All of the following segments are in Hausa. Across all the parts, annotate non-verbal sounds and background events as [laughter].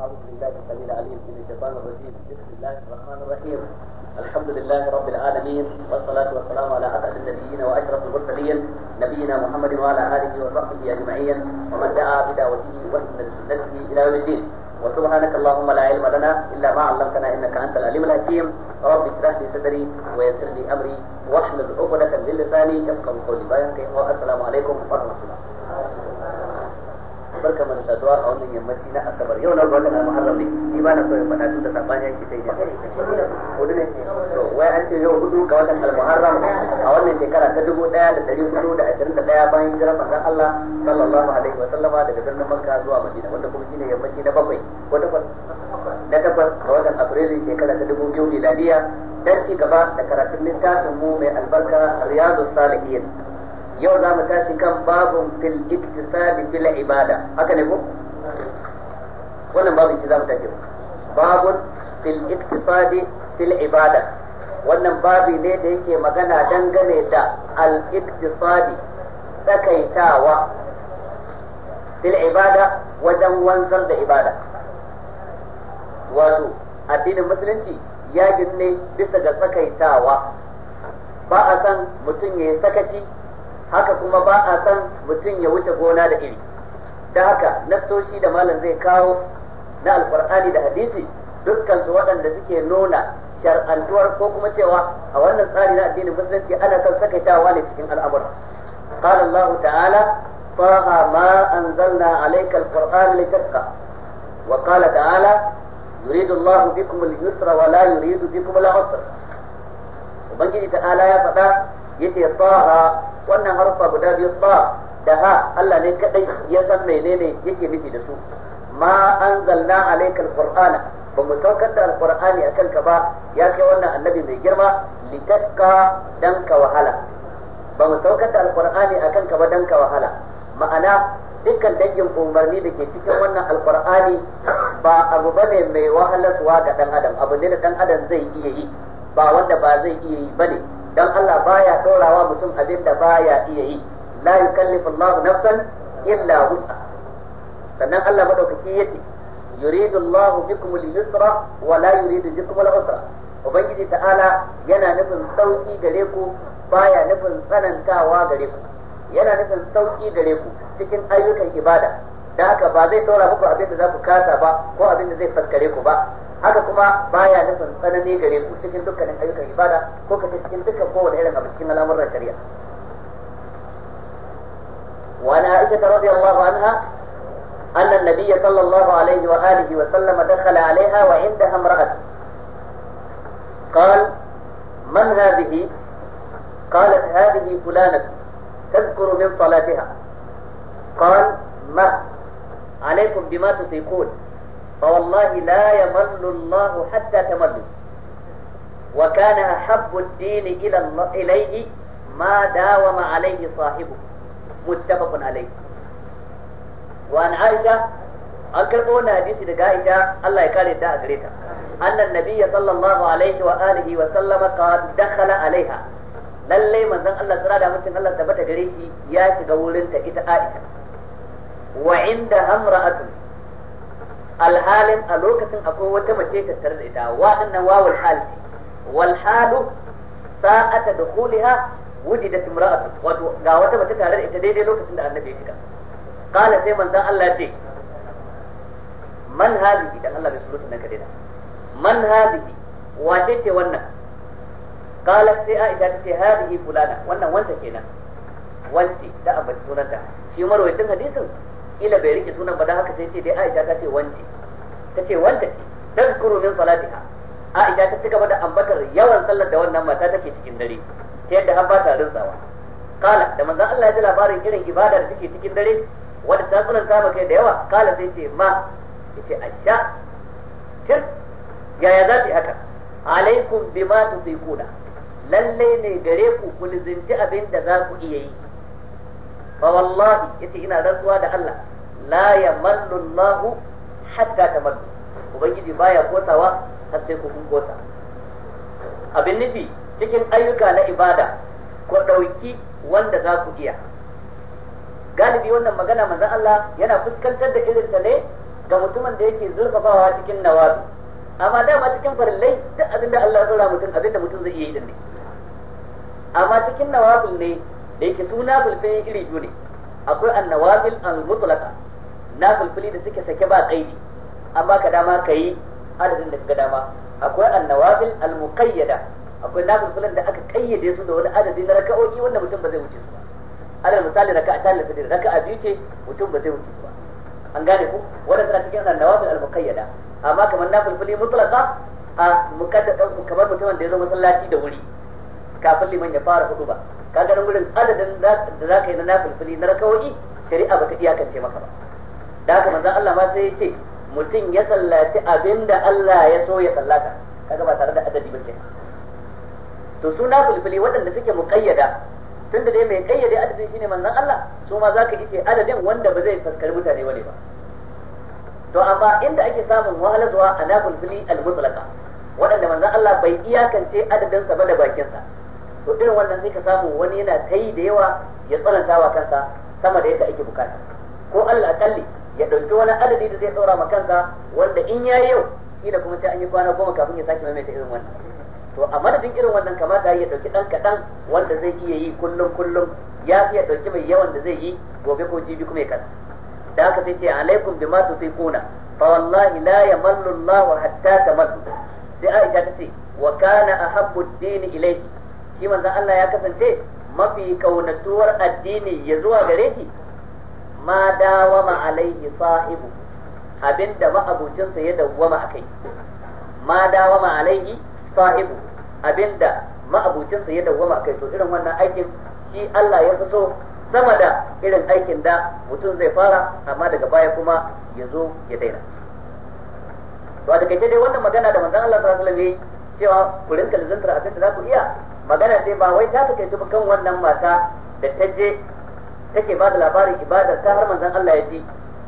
أعوذ بالله السميع العليم من الشيطان الرجيم بسم الله الرحمن الرحيم الحمد لله رب العالمين والصلاة والسلام على أسعد النبيين وأشرف المرسلين نبينا محمد وعلى آله وصحبه أجمعين ومن دعا بدعوته وسن سنته إلى يوم الدين وسبحانك اللهم لا علم لنا إلا ما علمتنا إنك أنت العليم الحكيم رب اشرح لي صدري ويسر لي أمري واحلل عقدة من لساني يفقهوا قولي بايعك والسلام عليكم ورحمة الله saduwa a wannan yammaci na asabar yau na wannan al-muharram ne ni ba na so in faɗa tunda da yanki sai ne hudu ne to wai an ce yau hudu ga watan al-muharram a wannan shekara ta dubu ɗaya da ɗari hudu da ashirin da ɗaya bayan jira manzon Allah sallallahu alaihi wa sallama daga birnin Makka zuwa Madina wanda kuma shine yammaci na bakwai ko takwas na takwas ga watan Afrilu shekara ta dubu biyu miladiya dan ci gaba da karatun littafin mu mai albarka Riyadus Salihin yau za mu tashi kan babun fil iktisadi fil ibada haka ne ko wannan babun shi za mu tashi babun fil iktisadi fil ibada wannan babi ne da yake magana dangane da al iktisadi tsakaitawa fil ibada wajen wanzar da ibada wato addinin musulunci ya ne bisa ga tsakaitawa ba a san mutum ya yi sakaci haka kuma ba a san mutum ya wuce gona da iri da haka nassoshi da malam zai kawo na alkur'ani da hadisi dukkan su waɗanda suke nuna shar'antuwar ko kuma cewa a wannan tsari na addinin musulunci ana kan sakaitawa ne cikin al'amura qala Allah ta'ala طه ما أنزلنا عليك القرآن لتشقى وقال تعالى يريد الله بكم اليسر ولا يريد بكم العسر وبنجي تعالى يا فتاة yace ta'a wannan harfa guda biyu ta da ha Allah ne kadai ya san menene yake nufi da su ma anzalna alayka alqur'ana ba mu saukar da alqur'ani akan ka ba ya kai wannan annabi mai girma litaska dan ka wahala ba mu saukar da alqur'ani akan ka ba dan ka wahala ma'ana dukkan dangin umarni da ke cikin wannan alqur'ani ba abu bane mai wahalarwa ga dan adam abu ne da dan adam zai iya yi ba wanda ba zai iya yi bane dan Allah baya dorawa mutum abin da baya iya yi la yukallifu Allahu nafsan illa wus'a sannan Allah madaukaki yake yuridu Allahu bikum al-yusra wa la yuridu bikum al-usra ubangiji ta'ala yana nufin sauki gare ku baya nufin tsanantawa gare ku yana nufin sauki gare ku cikin ayyukan ibada da haka ba zai dora muku abin da za ku kasa ba ko abin da zai faskare ku ba haka kuma baya nufin tsanani gare ku cikin dukkanin ayyukan ibada ko ka cikin dukkan kowane irin abu cikin al'amuran shari'a وعن عائشة رضي الله عنها أن النبي صلى الله عليه وآله وسلم دخل عليها وعندها امرأة قال من هذه؟ قالت هذه فلانة تذكر من صلاتها قال ما عليكم بما تطيقون فوالله لا يمل الله حتى تمل وكان أحب الدين إلى الله إليه ما داوم عليه صاحبه متفق عليه وعن عائشة an karɓo wani hadisi daga Aisha Allah ya kare ta a gare ta annan nabiyya sallallahu alaihi wa wa sallama ka alaiha lalle manzon Allah tsara da mutum Allah tabbata gare shi ya shiga wurin ta ita Aisha wa inda hamra'atun alhalin a lokacin akwai wata mace tattare da ita waɗannan wawul hal wal halu sa'ata dukhuliha wujidat imra'atu wato ga wata mace tare da ita daidai lokacin da annabi ya shiga qala sai manzon Allah ce man hadhihi dan Allah bai surutu nan kadai man hadhihi wace ce wannan qala sai Aisha ta ce hadhihi fulana wannan wanta kenan wance da abin sunanta shi marwayin hadisin kila bai rike sunan ba dan haka sai ce dai Aisha ta ce wance ta ce wanda ce tazkuru min salatiha Aisha ta ci gaba da ambatar yawan sallar da wannan mata take cikin dare ta yadda har ba ta rinsawa kala da manzon Allah ya ji labarin irin ibada da take cikin dare wanda ta tsananta maka da yawa kala sai ce ma yace asha tir yaya za ta yi haka alaikum bima tusikuna lalle ne gare ku ku abin da za ku iya yi fa wallahi yace ina rantsuwa da Allah la yamallu Allah hatta tamallu ubangiji baya kotawa har sai ku kota abin nufi cikin ayyuka na ibada ku ɗauki wanda za ku iya galibi wannan magana manzon Allah yana fuskantar da irin ta ne ga mutumin da yake zurfafawa cikin nawabi amma ma cikin farillai duk abin da Allah ya a mutum abin da mutum zai iya yi din ne amma cikin nawabin ne da yake su nafilfili iri biyu ne akwai annawafil al-mutlaqa nafilfili da suke sake ba tsaidi amma ka dama yi adadin da ka dama akwai annawafil al-muqayyada akwai nafilfilin da aka kayyade su da wani adadi na raka'o'i wanda mutum ba zai wuce su ba alal misali raka'a ta lafi raka'a biyu ce mutum ba zai wuce su ba an gane ku wanda suna cikin annawafil al-muqayyada amma kamar nafilfili mutlaqa a mukaddada kamar mutumin da ya zo masallaci da wuri kafin liman ya fara hudu ba kaga nan gurin adadin da za ka yi na nafilfili na rakawoyi shari'a ba ta iyakance maka ba da haka manzon Allah ma sai yace mutum ya sallaci abinda Allah ya so ya sallata kaga ba tare da adadi ba ke to su nafilfili waɗanda suke muƙayyada tun da dai mai ƙayyade adadin shine manzon Allah su ma za ka ice adadin wanda ba zai faskari mutane wani ba to amma inda ake samun wahalarwa a nafilfili al-mutlaqa waɗanda manzon Allah bai iyakance adadin sa ba da bakin sa to irin wannan sai ka samu wani yana ta yi da yawa ya tsananta wa kansa sama da yadda ake bukata ko Allah akalli ya ɗauki wani adadi da zai ɗora ma kansa wanda in ya yi yau kila kuma sai an yi kwana goma kafin ya sake maimaita irin wannan to a madadin irin wannan kamata ya ɗauki ɗan kaɗan wanda zai iya yi kullum kullum ya fi ya ɗauki mai yawan da zai yi gobe ko jibi kuma ya kasa da haka sai ce alaikum bima kuna fa wallahi la yamallu Allah hatta tamallu sai Aisha ta ce wa kana ahabbu ad-din ilayhi shi manzan Allah ya kasance mafi kaunatuwar addini ya zuwa gare shi ma dawama alaihi sahibu abinda ma'abucinsa ya dawwama akai ma dawama alaihi sahibu abinda ma'abucinsa ya dawwama akai to irin wannan aikin shi Allah ya fi so sama da irin aikin da mutum zai fara amma daga baya kuma ya zo ya daina to a takaice dai wannan magana da manzan Allah sallallahu alaihi wasallam yayi cewa ku rinka lizantar abin za ku iya magana dai ba wai ta takaitu kan wannan mata da ta je take ba da labarin ibadar ta har manzan Allah ya ji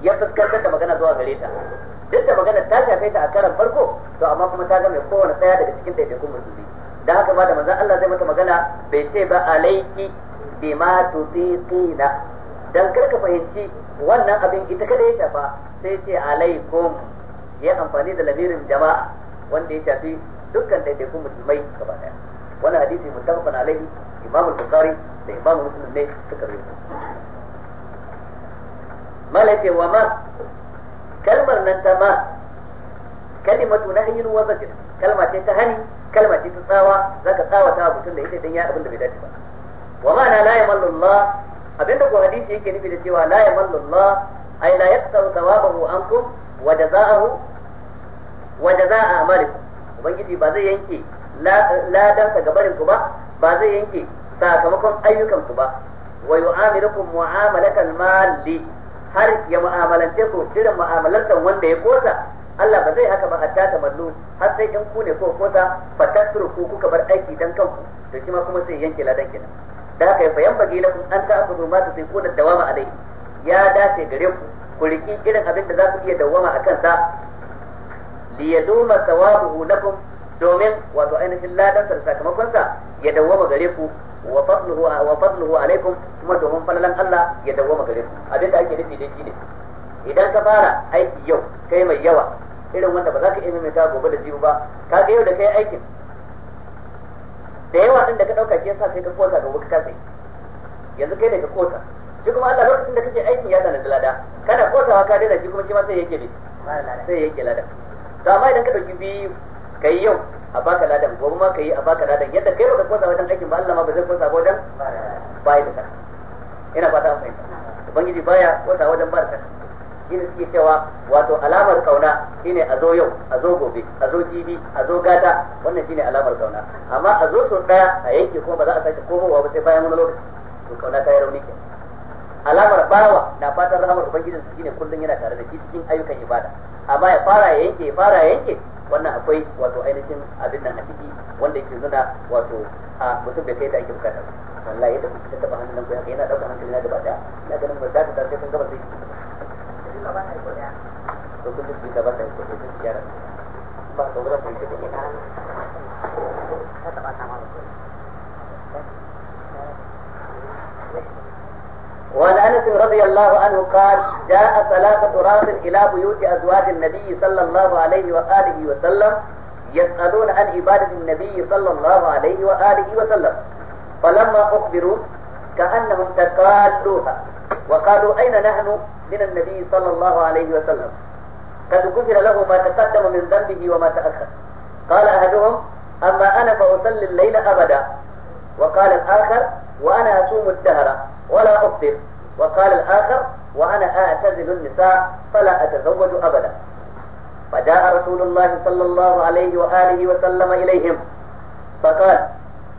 ya fuskantar da magana zuwa gare ta duk da magana ta shafe ta a karan farko to amma kuma ta ga mai kowane tsaya daga cikin daidaikun musulmi da haka ba da manzon Allah zai mata magana bai ce ba alaiki bima tutiqina dan kar ka fahimci wannan abin ita kada ya shafa sai ce alaikum ya amfani da lamirin jama'a wanda ya shafi dukkan daidaikun musulmai gaba daya Wani hadisi muttafaqun alaihi imam al-bukhari da imam muslim ne suka rawaito malaka wa ma kalmar nan ta ma kalimatu nahyin wa zajr kalma ce ta hani kalma ce ta tsawa zaka tsawata wa mutum da ita dan ya abin da bai dace ba wa na la yamallu Allah abinda ko hadisi yake nufi da cewa la yamallu Allah ay la yaqtaru thawabahu ankum wa jazaahu wa jazaa amalikum ubangiji ba zai yanke ladansa ga barin ku ba ba zai yanke sakamakon ayyukan ku ba wa yu'amirukum mu'amalatal mali har ya mu'amalance ku irin mu'amalantar wanda ya kosa Allah ba zai haka ba hatta ta mallu har sai in ku ne ko kosa fatasru ku kuka bar aiki dan kanku to shi ma kuma sai yanke ladan kenan da haka fa yambage lakum an ta'khudhu ma tusiquna dawama alayhi ya dace gare ku ku riki irin abin da za ku iya dawama akan sa liyaduma thawabuhu lakum domin wato ainihin ladan sa da sakamakon sa ya dawwama gare ku wa fadluhu wa fadluhu alaikum kuma domin falalan Allah ya dawwama gare ku Abin da ake nufi dai shine idan ka fara aiki yau kai mai yawa irin wanda ba za ka iya ta gobe da jibi ba ka ga yau da kai aikin da yawa din da ka dauka ke sa sai ka kota gobe ka kasa yanzu kai ne ka kota shi kuma Allah lokacin da kake aikin ya sanar da lada kana kotawa ka daina shi kuma shi ma sai yake bi sai yake lada to amma idan ka dauki biyu Ka yi yau a baka ladan gobe ma yi a baka ladan yadda kai baka kosa wajen aikin ba Allah ma ba zai kosa wajen bai da saka ina fata an fahimta ubangiji baya kosa wajen ba da saka shine suke cewa wato alamar kauna shine a zo yau a zo gobe a zo jibi a zo gata wannan shine alamar kauna amma a zo sau daya a yanke kuma ba za a sake komowa ba sai bayan wani lokaci to kauna ta yi rauni ke alamar bawa na fatan rahamar ubangijin su shine kullun yana tare da shi cikin ayyukan ibada amma ya fara ya yanke ya fara yanke wannan akwai wato ainihin abin nan a ciki wanda yake nuna wato a mutum bai kai da ake bukata wallahi yadda kuka taba hannun ku yana dauka hankali na gaba daya ina ganin ba za ta tarke kan gaba sai to kun ji ka ba ta ko ta gyara ba to ba ta ta ta ta ma ba رضي الله عنه قال جاء ثلاثه راس الى بيوت ازواج النبي صلى الله عليه واله وسلم يسالون عن عباده النبي صلى الله عليه واله وسلم فلما اخبروا كانهم تقالوها وقالوا اين نحن من النبي صلى الله عليه وسلم قد كثر له ما تقدم من ذنبه وما تاخر قال احدهم اما انا فاصلي الليل ابدا وقال الاخر وانا اصوم الدهر ولا افطر وقال الآخر وأنا أعتزل النساء فلا أتزوج أبدا فجاء رسول الله صلى الله عليه وآله وسلم إليهم فقال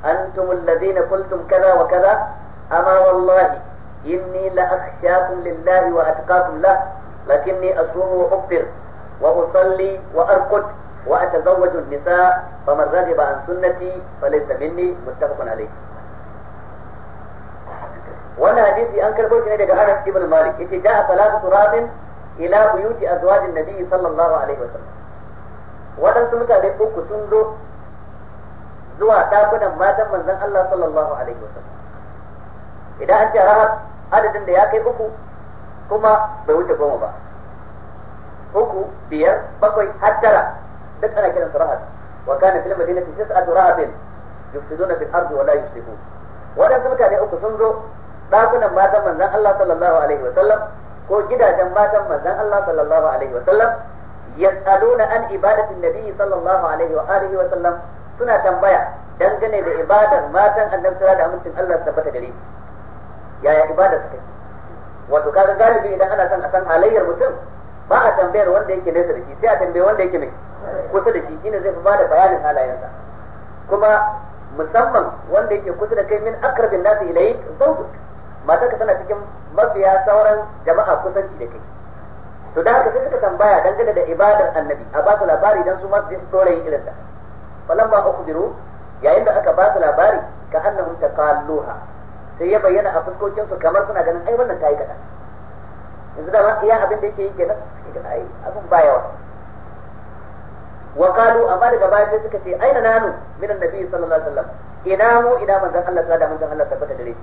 أنتم الذين قلتم كذا وكذا أما والله إني لأخشاكم لله وأتقاكم له لكني أصوم وأفطر وأصلي وأرقد وأتزوج النساء فمن رغب عن سنتي فليس مني متفق عليه wannan hadisi an karɓo shi ne daga Anas ibn Malik yace ja'a salatu rabin ila buyuti azwajin nabi sallallahu alaihi wasallam waɗansu mutane uku sun zo zuwa dakunan matan manzon Allah sallallahu alaihi wasallam idan an ce rahab adadin da ya kai uku kuma bai wuce goma ba uku biyar bakwai har tara duk ana kiransu rahab wa kana fil madinati tis'atu rahabin yufsiduna fil ardi wa la yuslihun waɗansu mutane uku sun zo dakunan matan manzan Allah sallallahu alaihi wa sallam ko gidajen matan manzan Allah sallallahu alaihi wa sallam yas'aluna an ibadatin nabi sallallahu alaihi wa alihi wa sallam suna tambaya dangane da ibadar matan annabi sallallahu alaihi wa sallam Allah tabbata gare shi yaya ibadar take wato kaga galibi idan ana son a san halayyar mutum ba a tambayar wanda yake nesa da shi sai a tambaye wanda yake mai kusa da shi shine zai fi bada bayanin halayensa kuma musamman wanda yake kusa da kai min akrabin nasu ilayk zawjuk ka tana cikin mafiya sauran jama'a kusanci da kai to da haka sai suka tambaya dangane da ibadar annabi a ba su labari dan su ma su dora yin irin ta falan ba ukhbiru yayin da aka ba su labari ka annahum taqalluha sai ya bayyana a fuskokin su kamar suna ganin ai wannan tayi kada yanzu da ma iya abin da yake yi kenan suke ga ai abin ba yawa wa qalu amma daga baya sai suka ce aina nanu min annabi sallallahu alaihi wasallam ina mu ina manzon Allah wasallam da manzon Allah tabbata da shi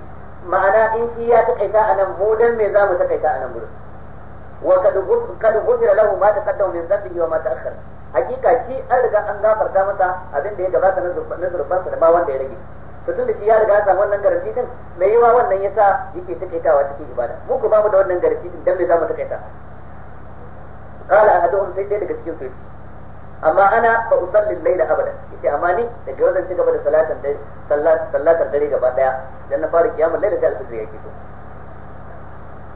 ma'ana in shi ya takaita a nan mu dan me za mu takaita a nan gurin wa kad ghufira lahu ma taqaddama min dhanbihi wa ma ta'akhkhara hakika shi an riga an gafarta masa abin da ya gabata na zurfansa da ba wanda ya rage to tunda shi ya riga ya samu wannan garanti din mai wa wannan yasa yake takaitawa cikin ibada mu ko ba mu da wannan garanti din dan me za mu takaita qala ahaduhum sai dai daga cikin su amma ana ba usallin laila abada yace amma ni daga yau zan ci gaba da salatan dare sallatar dare gaba daya dan na fara kiyamul laila sai alfajr yake to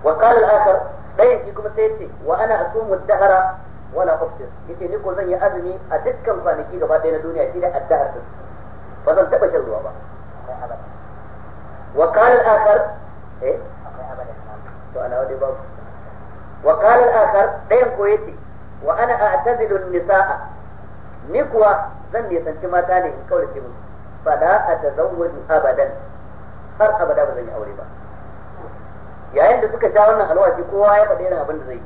wa qala al-akhar dayan shi kuma sai yace wa ana asumu ad-dahra wala aftir yace ni ko zan yi azumi a dukkan kwanaki gaba daya na duniya shi da ad-dahr din ba zan taba shan ruwa ba wa qala al-akhar eh to ana wadi babu wa qala al-akhar dayan ko yace wa ana a'tazilu nisaa ni kuwa zan nisanci mata ne in kaurace musu fa da a tazawwaju abadan har abada ba zan yi aure ba yayin da suka sha wannan alwashi kowa ya faɗi irin abin da zai yi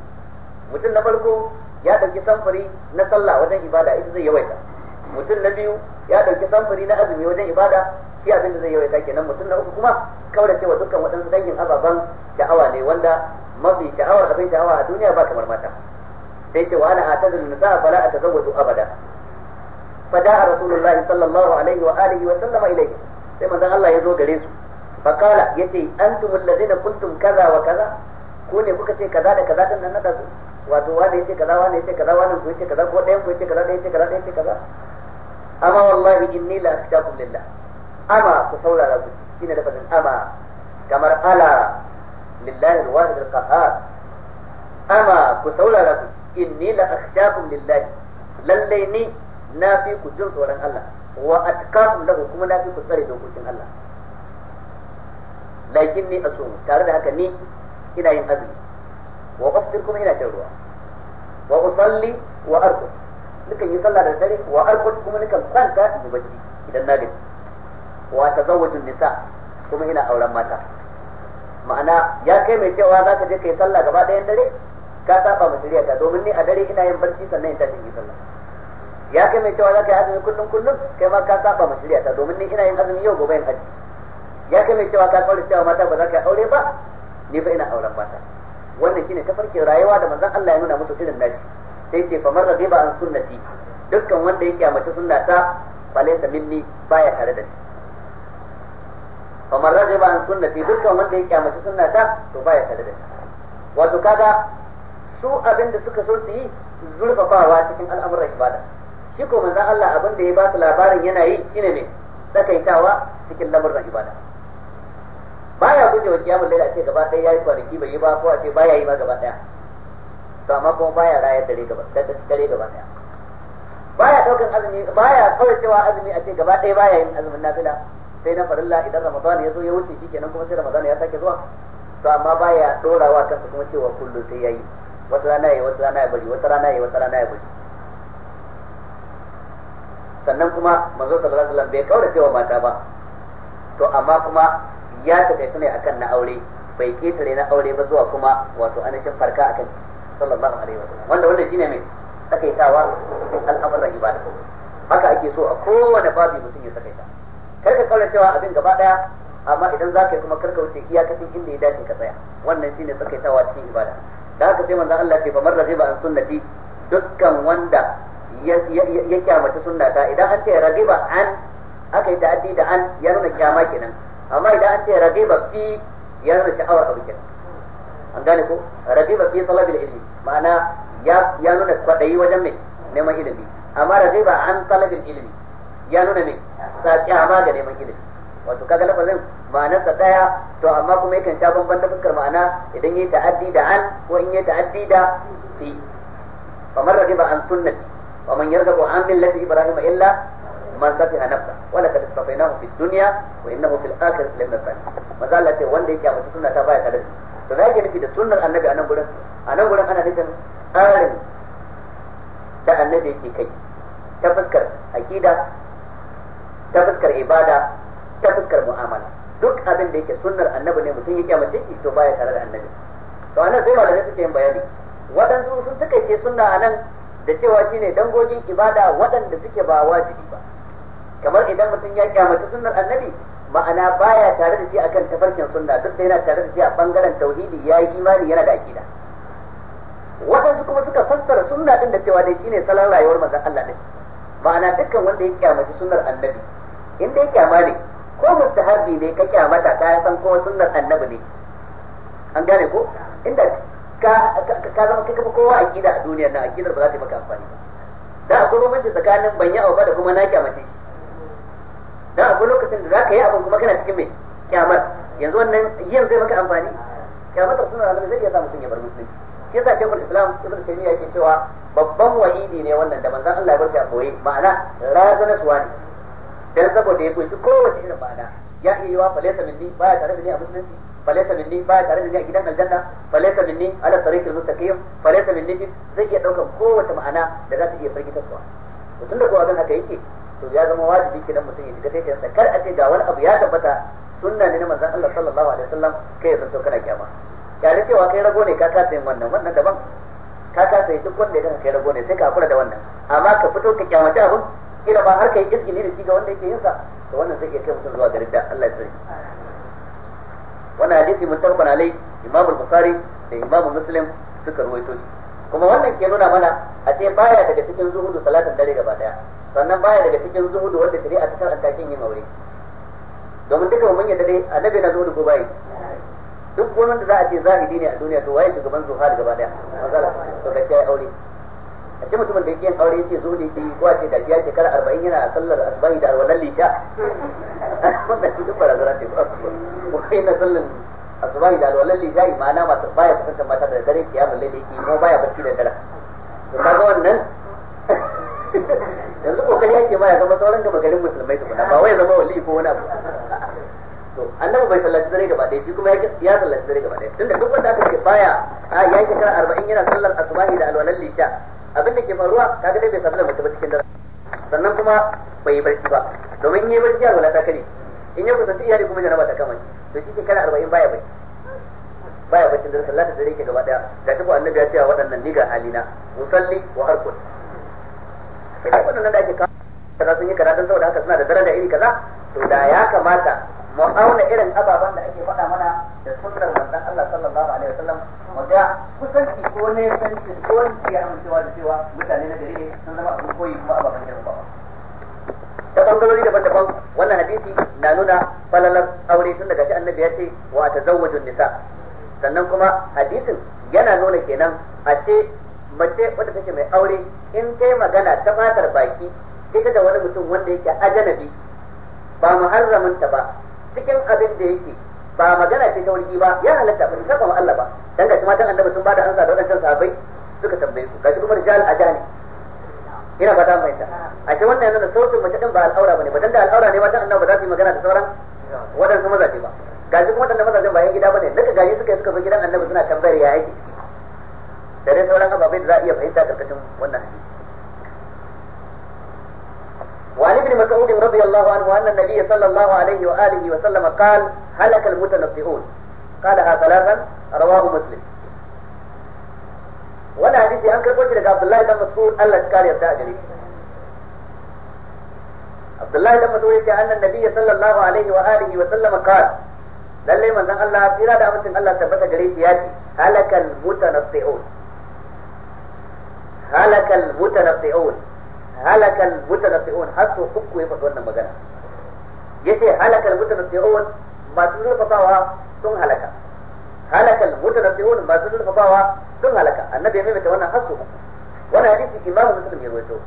mutum na farko ya ɗauki samfuri na sallah wajen ibada ita zai yawaita mutum na biyu ya ɗauki samfuri na azumi wajen ibada shi abin da zai yawaita kenan mutum na uku kuma kaurace wa dukkan waɗansu dangin ababen sha'awa ne wanda mafi sha'awar abin sha'awa a duniya ba kamar mata sai ce wa ana atazil nisa fala atazawwaju abada fa da'a rasulullahi sallallahu alaihi wa alihi wa sallama ilayhi sai manzon Allah ya zo gare su fa qala yace antumul ladina kuntum kaza wa kaza ko ne kuka ce kaza da kaza din nan na dazu wato wanda yace kaza wanda yace kaza wanda ku yace kaza ko ɗayan ku yace kaza ɗayan yace kaza ɗayan yace kaza amma wallahi inni la akhshakum lillah ama ku saurara ku shine da fadin ama kamar ala lillahi alwahid alqahar ama ku saurara ku inni la akhshakum lillahi lalle ni na fi ku jin tsoron Allah wa atqakum lahu kuma na fi ku tsare dokokin Allah lakin ni aso tare da haka ni ina yin azumi wa qaftir kuma ina shan ruwa wa usalli wa arqud nikan yi sallah da dare wa arqud kuma nikan kwanta da bacci idan na gaji wa tazawwajun nisa kuma ina auren mata ma'ana ya kai mai cewa za je kai sallah gaba ɗayan dare ka saba ma shari'a ta domin ni a dare ina yin barci sannan in tashi yi sallah ya kai mai cewa zaka yi azumi kullum kullum kai ma ka saba ma shari'a ta domin ni ina yin azumi yau gobe in haji ya kai mai cewa ka kaura cewa mata ba za ka yi aure ba ni fa ina auren mata wannan shine farke rayuwa da manzon Allah ya nuna musu irin nashi sai ce fa marra ba an sunnati dukkan wanda yake mace sunna ta falaysa minni baya tare da ni fa marra ba an sunnati dukkan wanda yake mace sunna ta to baya tare da ni wato kaga su abin da suka so su yi zurfafawa cikin al'amuran ibada shi ko manzo Allah abin da ya ba su labarin yana yi shine ne tsakaitawa cikin lamuran ibada baya guje wa kiyamul laila ce gaba ɗaya yayi kwanaki bai yi ba ko a ce baya yi ba gaba ɗaya to amma kuma baya rayar dare gaba dare gaba ɗaya baya daukan azumi baya kawai cewa azumi a ce gaba ɗaya baya yin azumin nafila sai na farilla idan ramadan ya zo ya wuce shikenan kuma sai ramadan ya sake zuwa to amma baya dorawa kansa kuma cewa kullum sai yayi wata rana ya wata rana ya bari wata rana ya wata rana ya bari sannan kuma manzo sallallahu alaihi wasallam bai kaura cewa mata ba to amma kuma ya taƙaitu ne akan na aure bai ketare na aure ba zuwa kuma wato anashin farka akan sallallahu alaihi wasallam wanda wannan shine mai takaitawa al'amuran ibada haka ake so a kowane babu mutum ya takaita kar ka kaura cewa abin gaba daya amma idan za kuma karka wuce iyakacin inda ya dace ka tsaya wannan shine sakaitawa cikin ibada da haka sai manzon Allah ce fa zai ba an sunnati dukkan wanda ya kyamata sunnata idan an ce raziba an aka yi ta'addi da an ya nuna kyama kenan amma idan an ce raziba fi ya nuna sha'awar abu kenan an gane ko raziba fi talabil ilmi ma'ana ya ya nuna kwadayi wajen mai neman ilimi amma raziba an talabil ilmi ya nuna mai sa kyama ga neman ilimi wato kaga lafazin ma'anarsa daya to amma kuma yakan sha bamban ta fuskar ma'ana idan yayi ta'addi da an ko in yayi ta'addi da fi famar ragiba an sunnati wa man yarghabu an millati ibrahim illa man safiha nafsa wa laqad istafaynahu fid dunya wa innahu fil akhirati lamin salihin maza Allah ce wanda yake abata sunna ta baya tare to zai nufi da sunnar annabi a nan gurin a nan gurin ana nufin tsarin da annabi yake kai ta fuskar aqida ta fuskar ibada ta fuskar mu'amala duk abin da yake sunnar annabi ne mutum ya kyamace shi to baya tare da annabi to anan sai malamai suke yin bayani waɗansu sun ke sunna anan da cewa shine dangogin ibada waɗanda suke ba wajibi ba kamar idan mutum ya kyamace sunnar annabi ma'ana baya tare da shi akan tafarkin sunna duk da yana tare da shi a bangaren tauhidi ya yi imani yana da aqida waɗansu kuma suka fassara sunna din da cewa dai shine salon rayuwar manzon Allah din ma'ana dukkan wanda ya kyamace sunnar annabi in dai kyama ne ko mustahabi ne ka kyamata ka san kuma sunnar annabi ne an gane ko inda ka ka zama kai kuma kowa aqida a duniyar nan aqidar ba za ta yi maka amfani ba da akwai bambanci tsakanin ban yi abu da kuma na kyamace shi da akwai lokacin da za ka yi abin kuma kana cikin mai kyamar yanzu wannan yin zai maka amfani kyamatar suna da zai iya sa mutum ya bar musulunci shi yasa shekul islam ibn taymiya yake cewa babban wa'idi ne wannan da manzon Allah ya bar shi a koyi ma'ana razanaswa ne dan saboda ya kunshi kowace irin ma'ana ya iya yiwa falesa minni baya tare da ni a musulunci falesa minni baya tare da ni a gidan aljanna falesa minni ala tariqil mustaqim falesa minni zai iya daukan kowace ma'ana da za ta iya firgita to tunda ko kowa haka yake to ya zama wajibi nan mutum ya shiga taitayen sa kar a ce ga wani abu ya tabbata sunna ne na manzon Allah sallallahu alaihi wasallam kai ya zanto kana kiyama tare cewa kai rago ne ka kasa yin wannan wannan daban ka kasa yi duk wanda ya kai rago ne sai ka kula da wannan amma ka fito ka kyamaci abun kila ba har kai izgili da shi ga wanda yake yin sa to wannan zai iya kai mutum zuwa garin da Allah ya sani wannan hadisi muttafaqun alai Imam al Bukhari da Imam Muslim suka ruwaito shi kuma wannan ke nuna mana a ce baya daga cikin zuhudu salatin dare gaba daya sannan baya daga cikin zuhudu wanda shari'a a cikin kin yin aure domin duka mun yadda dai annabi na zuhudu ko bai duk wani da za a ce zahidi ne a duniya to waye shugaban zuhudu gaba daya matsala to gaskiya aure a ce mutumin da yake yin aure yake zo da yake yi kowa ce da ya shekara arba'in yana sallar asibahi da alwalar lisha [laughs] wannan shi duk barazana ce ba ko kai na sallar asibahi da alwalar lisha imana masu baya kusantar mata da dare kiyamun lalle yi, kuma baya barci da dare to kaga wannan [laughs] yanzu kokari yake ma ya zama sauran gaba garin musulmai tukuna ba wai zama wali ko wani abu to annabi bai sallaci dare gaba ɗaya shi kuma ya sallaci dare gaba ɗaya tunda duk wanda aka ce baya a ya shekara arba'in yana sallar asbahi da alwalar lisha abin da ke faruwa kaga dai bai samu lambaci ba cikin dare sannan kuma bai yi barci ba domin yi barci a ta kare in ya kusanci iyali kuma jaraba ta kama to shi shekara arba'in baya barci baya barci dare sallata ta dare ke gaba daya shi ko annabi ya ce waɗannan ni ga halina musalli wa harkun idan nan da ake kawo kaza sun yi kaza don saboda haka suna da daraja iri kaza to da ya kamata mu auna irin ababen da ake faɗa mana da sunnar manzon Allah sallallahu alaihi wasallam mu ga kusanci ko ne sanci ko ne ya amincewa da cewa mutane na gari ne sun zama abin koyi kuma ababen ba ta bangarori daban-daban wannan hadisi na nuna falalar aure tun daga shi annabi ya ce wa tazawwajun nisa sannan kuma hadisin yana nuna kenan a ce mace wadda take mai aure in kai magana ta fatar baki ita da wani mutum wanda yake ajanabi ba muharramin ta ba cikin abin da yake ba magana ce ta warki ba ya halatta ba saba Allah ba dan gashi matan annabi sun bada ansa da wadannan sahabbai suka tambaye su gashi kuma rijal ajani ina ba ta mai ta ashe wannan yana da sautin mace din ba al'aura bane ba dan da al'aura ne matan annabi ba za su yi magana da sauran wadansu mazaje ba gashi kuma wadannan mazajen ba yan gida bane daga gashi suka yi suka zo gidan annabi suna tambayar ya yake da dai sauran ababai da za a iya fahimta karkashin wannan hadisi وعن ابن مسعود رضي الله عنه أن النبي صلى الله عليه وآله وسلم قال هلك المتنبئون قالها ثلاثا رواه مسلم وانا حديثي أنك قلت لك عبد الله بن مسعود ألا تكاري التأجري عبد الله بن مسعود أن النبي صلى الله عليه وآله وسلم قال lallai manzon Allah tsira da amincin Allah tabbata gare shi ya ce halakal mutanaffi'un halakal halakal mutanaffi'un har so uku ya faɗi wannan magana yace halakal mutanaffi'un masu zurfafawa sun halaka halakal mutanaffi'un masu zurfafawa sun halaka annabi ya maimaita wannan har so uku wannan hadisi imamu muslim ya rawaito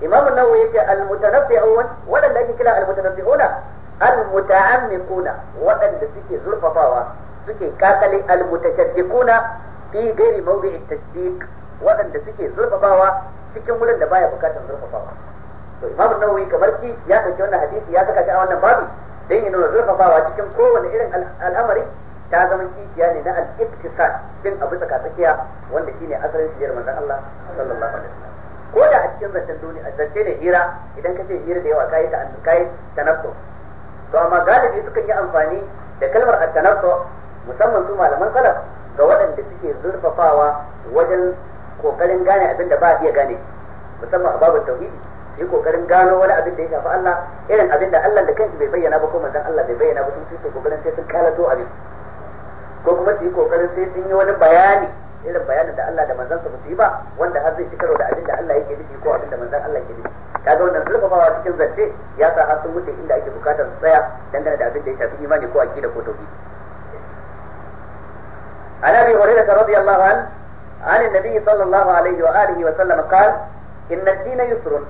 imamu nawawi yace al mutanaffi'un wadanda ake kira al mutanaffi'una al muta'ammiquna wadanda suke zurfafawa suke kakale al mutashaddikuna fi gairi mawdi'i tasdiq waɗanda suke zurfafawa cikin wurin da baya bukatar zurfafawa to imam nawawi kamar ki ya dauki wannan hadisi ya saka shi a wannan babu dan ya nuna zurfafawa cikin kowane irin al'amari ta zama kishiya ne na al-iktisad bin abu tsakatsakiya wanda shine asalin shiriyar manzon Allah sallallahu alaihi wasallam ko da a cikin zancen duniya zance da hira idan ka ce hira da yawa kai ta kai tanaffu to amma galibi suka yi amfani da kalmar at-tanaffu musamman su malaman salaf ga waɗanda suke zurfafawa wajen kokarin gane abin da ba iya gane musamman a babu tauhidi su yi kokarin gano wani abin da ya shafi Allah irin abin da Allah da kansu bai bayyana ba ko manzon Allah bai bayyana ba sun ce kokarin sai sun kalato abin ko kuma su yi kokarin sai sun yi wani bayani irin bayanin da Allah da manzon sa su yi ba wanda har zai ci karo da abin da Allah yake nufi ko abin da manzon Allah yake nufi kaga wannan zurfafawa cikin zance ya sa har sun mutu inda ake bukatar su tsaya dangane da abin da ya shafi imani ko aqida ko tauhidi عن ابي هريره رضي الله عنه عن النبي صلى الله عليه وآله وسلم قال إن الدين يسر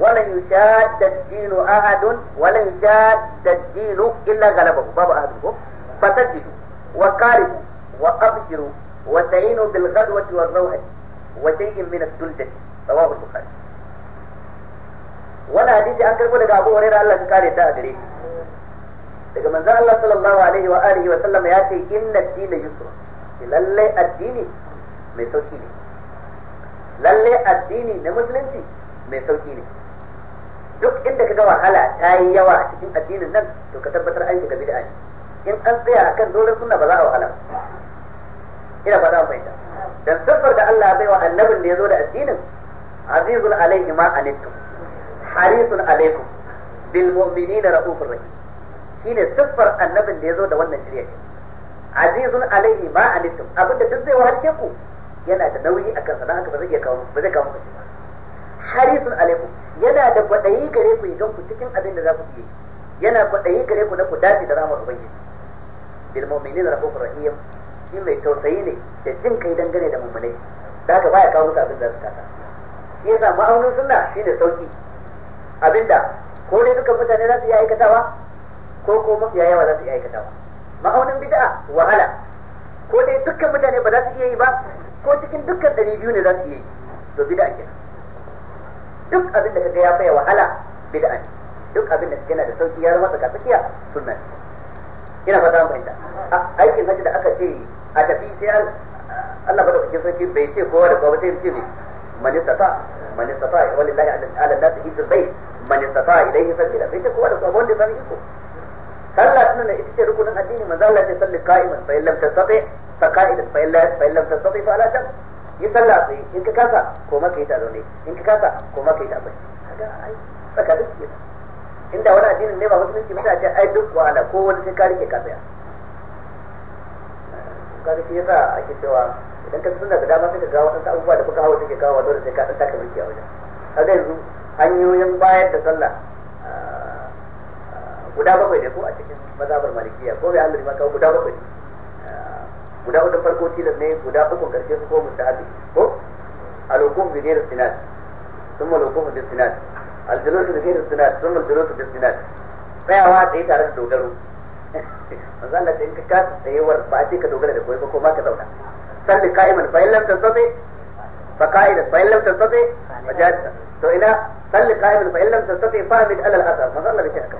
ولن يشاد الدين أحد ولن يشاد الدين إلا غلبه باب أهله فسددوا وقاربوا وأبشروا واستعينوا بالغدوة والروحة وشيء من السلطة رواه البخاري wannan hadisi an karbo daga Abu Hurairah Allah ya kare ta a gare shi daga manzon Allah sallallahu alaihi wa alihi wa sallam ya ce inna ad-dina yusr lallai addini mai sauki ne lalle addini na musulunci mai sauki ne duk inda kaga wahala ta yi yawa a cikin addinin nan to ka tabbatar an shiga bid'a ne in an tsaya akan doren sunna ba za a wahala ina ba za mu fahimta dan siffar da Allah bai wa annabin da ya zo da addinin azizul alaihi ma anittum harisun alaikum bil mu'minina raufur rahim shine siffar annabin da ya zo da wannan shirya azizun alaihi ma anittum abinda duk zai wahalke ku yana da nauyi a kansa don haka ba zai iya kawo ba zai kawo ba harisun alaikum yana da kwaɗayi gare ku idan ku cikin abin da za ku yi yana kwaɗayi gare ku na ku dace da ramar ubangiji bil mu'minina rahmanur rahim shi mai tausayi ne da jin kai dangane da mummunai da haka baya kawo musu abin da za su kasa shi yasa ma'aunin sunna ne sauki abinda ko dai dukkan mutane za su iya aikatawa ko ko mafiya yawa za su iya aikatawa ma'aunin bid'a wahala ko dai dukkan mutane ba za su iya yi ba ko cikin dukkan ɗari biyu ne za su yi to bid'a ke duk abin da kaga ya faya wahala bid'a ne duk abin da kaga yana da sauki ya zama tsaka tsakiya sunna ina fata an fahimta aikin hajji da aka ce a tafi sai an Allah bada cikin sauki bai ce kowa da kowa sai ce ne man istata man istata walillahi ala nas hijjul bait man istata ilayhi sabila bai ce kowa da kowa wanda ya sami iko sallah sunan ita ce rukunin addini manzo Allah ya salli qa'iman fa illam tastati فقائدا فإن, لا فإن لم تستطع فلا تم yi sallah إنك in ka kasa ko إنك yi ta zaune in ka kasa ko maka yi ta tsaye kaga ai tsaka duk kenan inda wani addinin ne ba musulunci mutane ce ai duk wahala ko wani sai ka rike ka tsaya kaga shi yasa ake cewa idan ka sunna da dama sai ka يزو أن abubuwa da fuka hanyoyin bayar da salla ah, ah, guda bakwai ne ko a cikin mazabar malikiya ko bai Allah ma kawo guda bakwai ah, guda uku farko tilas ne guda uku karshe su ko mustahabi ko al bi ghayr istinad thumma al bi istinad al bi ghayr istinad thumma al bi istinad tsayawa tare da dogaro manzo Allah sai ka kasa ba a ka dogara da ba ko ma ka zauna salli qa'iman fa illam tastati fa qa'idan fa illam to ina salli qa'iman fa illam tastati fa min ala manzo Allah bai ce haka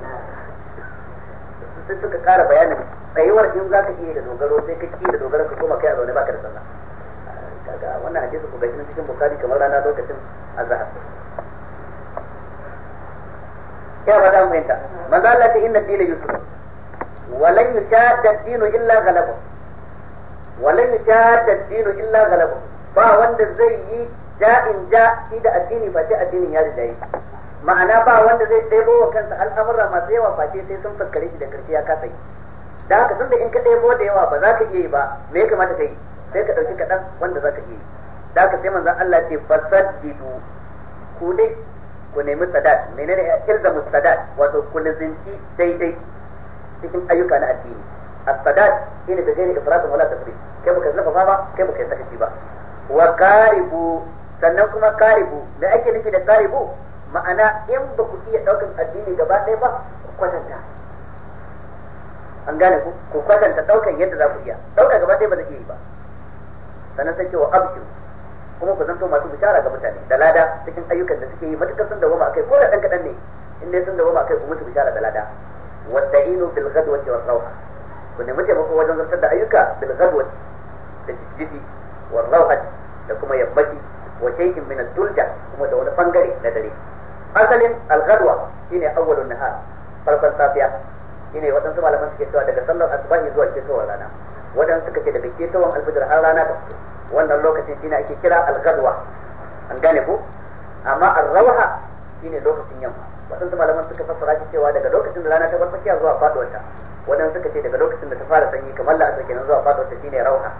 sai suka kara bayanin tsayuwar in za ka iya da dogaro sai ka ki da dogaro ka koma kai a zaune baka da sallah kaga wannan hadisi ku gashi cikin bukari kamar rana lokacin azhar ya ba dan fahimta manzo Allah ta inna dinu yusuf walan yushadda dinu illa ghalaba walan yushadda dinu illa ghalaba ba wanda zai yi da'in ja shi da addini ba sai addinin ya da yi ma'ana ba wanda zai ɗebo wa kansa al'amura masu yawa face sai sun fuskare shi da karfi ya kasa yi da haka tunda in ka ɗebo da yawa ba za ka iya yi ba me ya kamata ka yi sai ka ɗauki kaɗan wanda za ka iya yi da haka sai manzon Allah ce fasaddidu ku dai ku nemi sadat menene ilzamu sadat wato ku lizinci daidai cikin ayyuka na addini as-sadat ne da gani ifratun wala tafrid kai baka zafa ba kai baka sakaci ba wa karibu sannan kuma karibu me ake nufi da karibu ma'ana in ba ku iya daukan addini gaba ɗaya ba ku kwatanta an gane ku ku kwatanta daukan yadda za ku iya daukan gaba ɗaya ba zai iya yi ba sannan sai cewa abshiru kuma ku zanto masu bishara ga mutane da lada cikin ayyukan da suke yi matukar sun dawoma akai ko da dan kadan ne in dai sun dawoma akai ku musu bishara da lada wasta'inu bil ghadwati was rawha ku nemi taimako wajen zartar da ayyuka bil ghadwati da jijjidi war rawha da kuma yammaci wa shay'in min ad-dulja kuma da wani bangare na dare asalin al-ghadwa shine awwalun nahar farkon safiya shine waɗansu malaman suke cewa daga sallar asubahi zuwa ketowar rana waɗansu suka ce daga ketowar alfijir har rana ta wannan lokacin shine ake kira algadwa an gane ko amma arrawaha shine lokacin yamma waɗansu malaman suka fassara shi cewa daga lokacin da rana ta bar zuwa faɗuwar ta waɗansu suka ce daga lokacin da ta fara sanyi kamar la'asar kenan zuwa faɗuwar ta shine rauha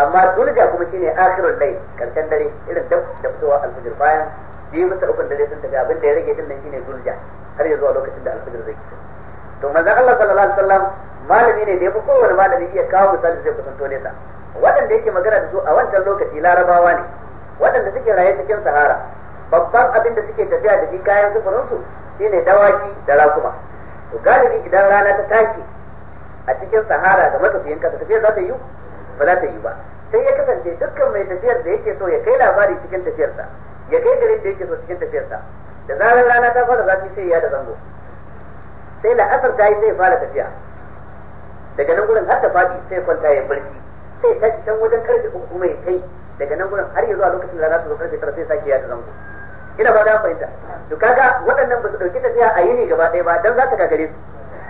amma Dulja kuma shine akhirul layl karshen dare irin da da fitowar alfijir bayan biyu bisa ukun dare sun tafi abin da ya rage din nan shine dulja har ya zuwa lokacin da alfijir zai fito to manzo Allah sallallahu alaihi wasallam malami ne da yafi kowane malami iya kawo misali zai kusanto nesa waɗanda yake magana da su a wancan lokaci larabawa ne waɗanda suke raye cikin sahara babban abin da suke tafiya da shi kayan sufurin su shine dawaki da rakuma to galibi idan rana ta tashi a cikin sahara ga fiyanka kasa tafiyar za ta yi ba za ta yi ba sai ya kasance dukkan mai tafiyar da yake so ya kai labari cikin tafiyarsa ya kai garin da yake so cikin tafiyarsa da zarar rana ta fara zafi sai ya da zango sai la'asar ta yi sai fara tafiya daga nan gudun har ta faɗi sai kwanta ya barci sai ta can wajen karfe uku kuma ya kai daga nan gudun har ya zuwa lokacin da za ta zo karfe tara sai sake ya ta zango ina ba da fahimta to kaga waɗannan ba su ɗauki tafiya a yini gaba ɗaya ba don za ta gagare su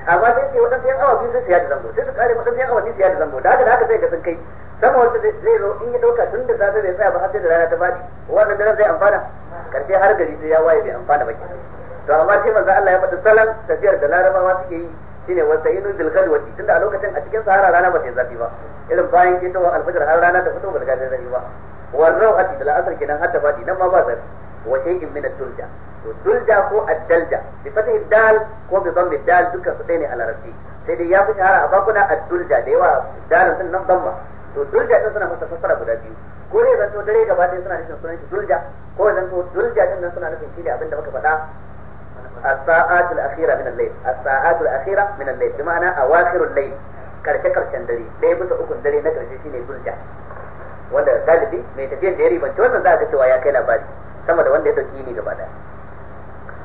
amma sai sai waɗansu yan awa biyu sai su ta zango sai su kare waɗansu yan biyu su ta zango da haka da haka sai ka sun kai sama wanda zai zo in ya ɗauka tun da safe bai tsaya ba har sai da rana ta faɗi wannan daren zai amfana karshe har gari sai ya waye bai amfana ba kenan to amma sai manzo Allah ya faɗi salan tafiyar da larabawa suke yi shine wa sayinu bil ghadwati tunda a lokacin a cikin sahara rana ba ta zafi ba irin bayan kitowa alfajr har rana ta fito ba ta zafi ba warrau ati da la'asar kenan har ta fadi nan ma ba zafi wa shay'in min ad-dulja to dulja ko ad-dalja bi fatih dal ko bi dhammi dal dukkan su ne a larabci sai dai ya fi shahara a bakuna ad-dulja da yawa dalin sun nan dhamma to dulja din suna masa fassara guda biyu ko ne zanto dare gaba ɗaya suna nufin sunan shi dulja ko zanto dulja din nan suna nufin shi da abin da muka faɗa الساعات saatul من الليل الساعات layl من الليل بمعنى min الليل layl bi دري awakhirul بس karshe karshen dare ɗaya bisa ukun dare na karshe shine zulja wanda galibi mai tafiyan da ya ribanci wannan za a ga cewa ya kai labari sama da wanda ya dauki ni gaba daya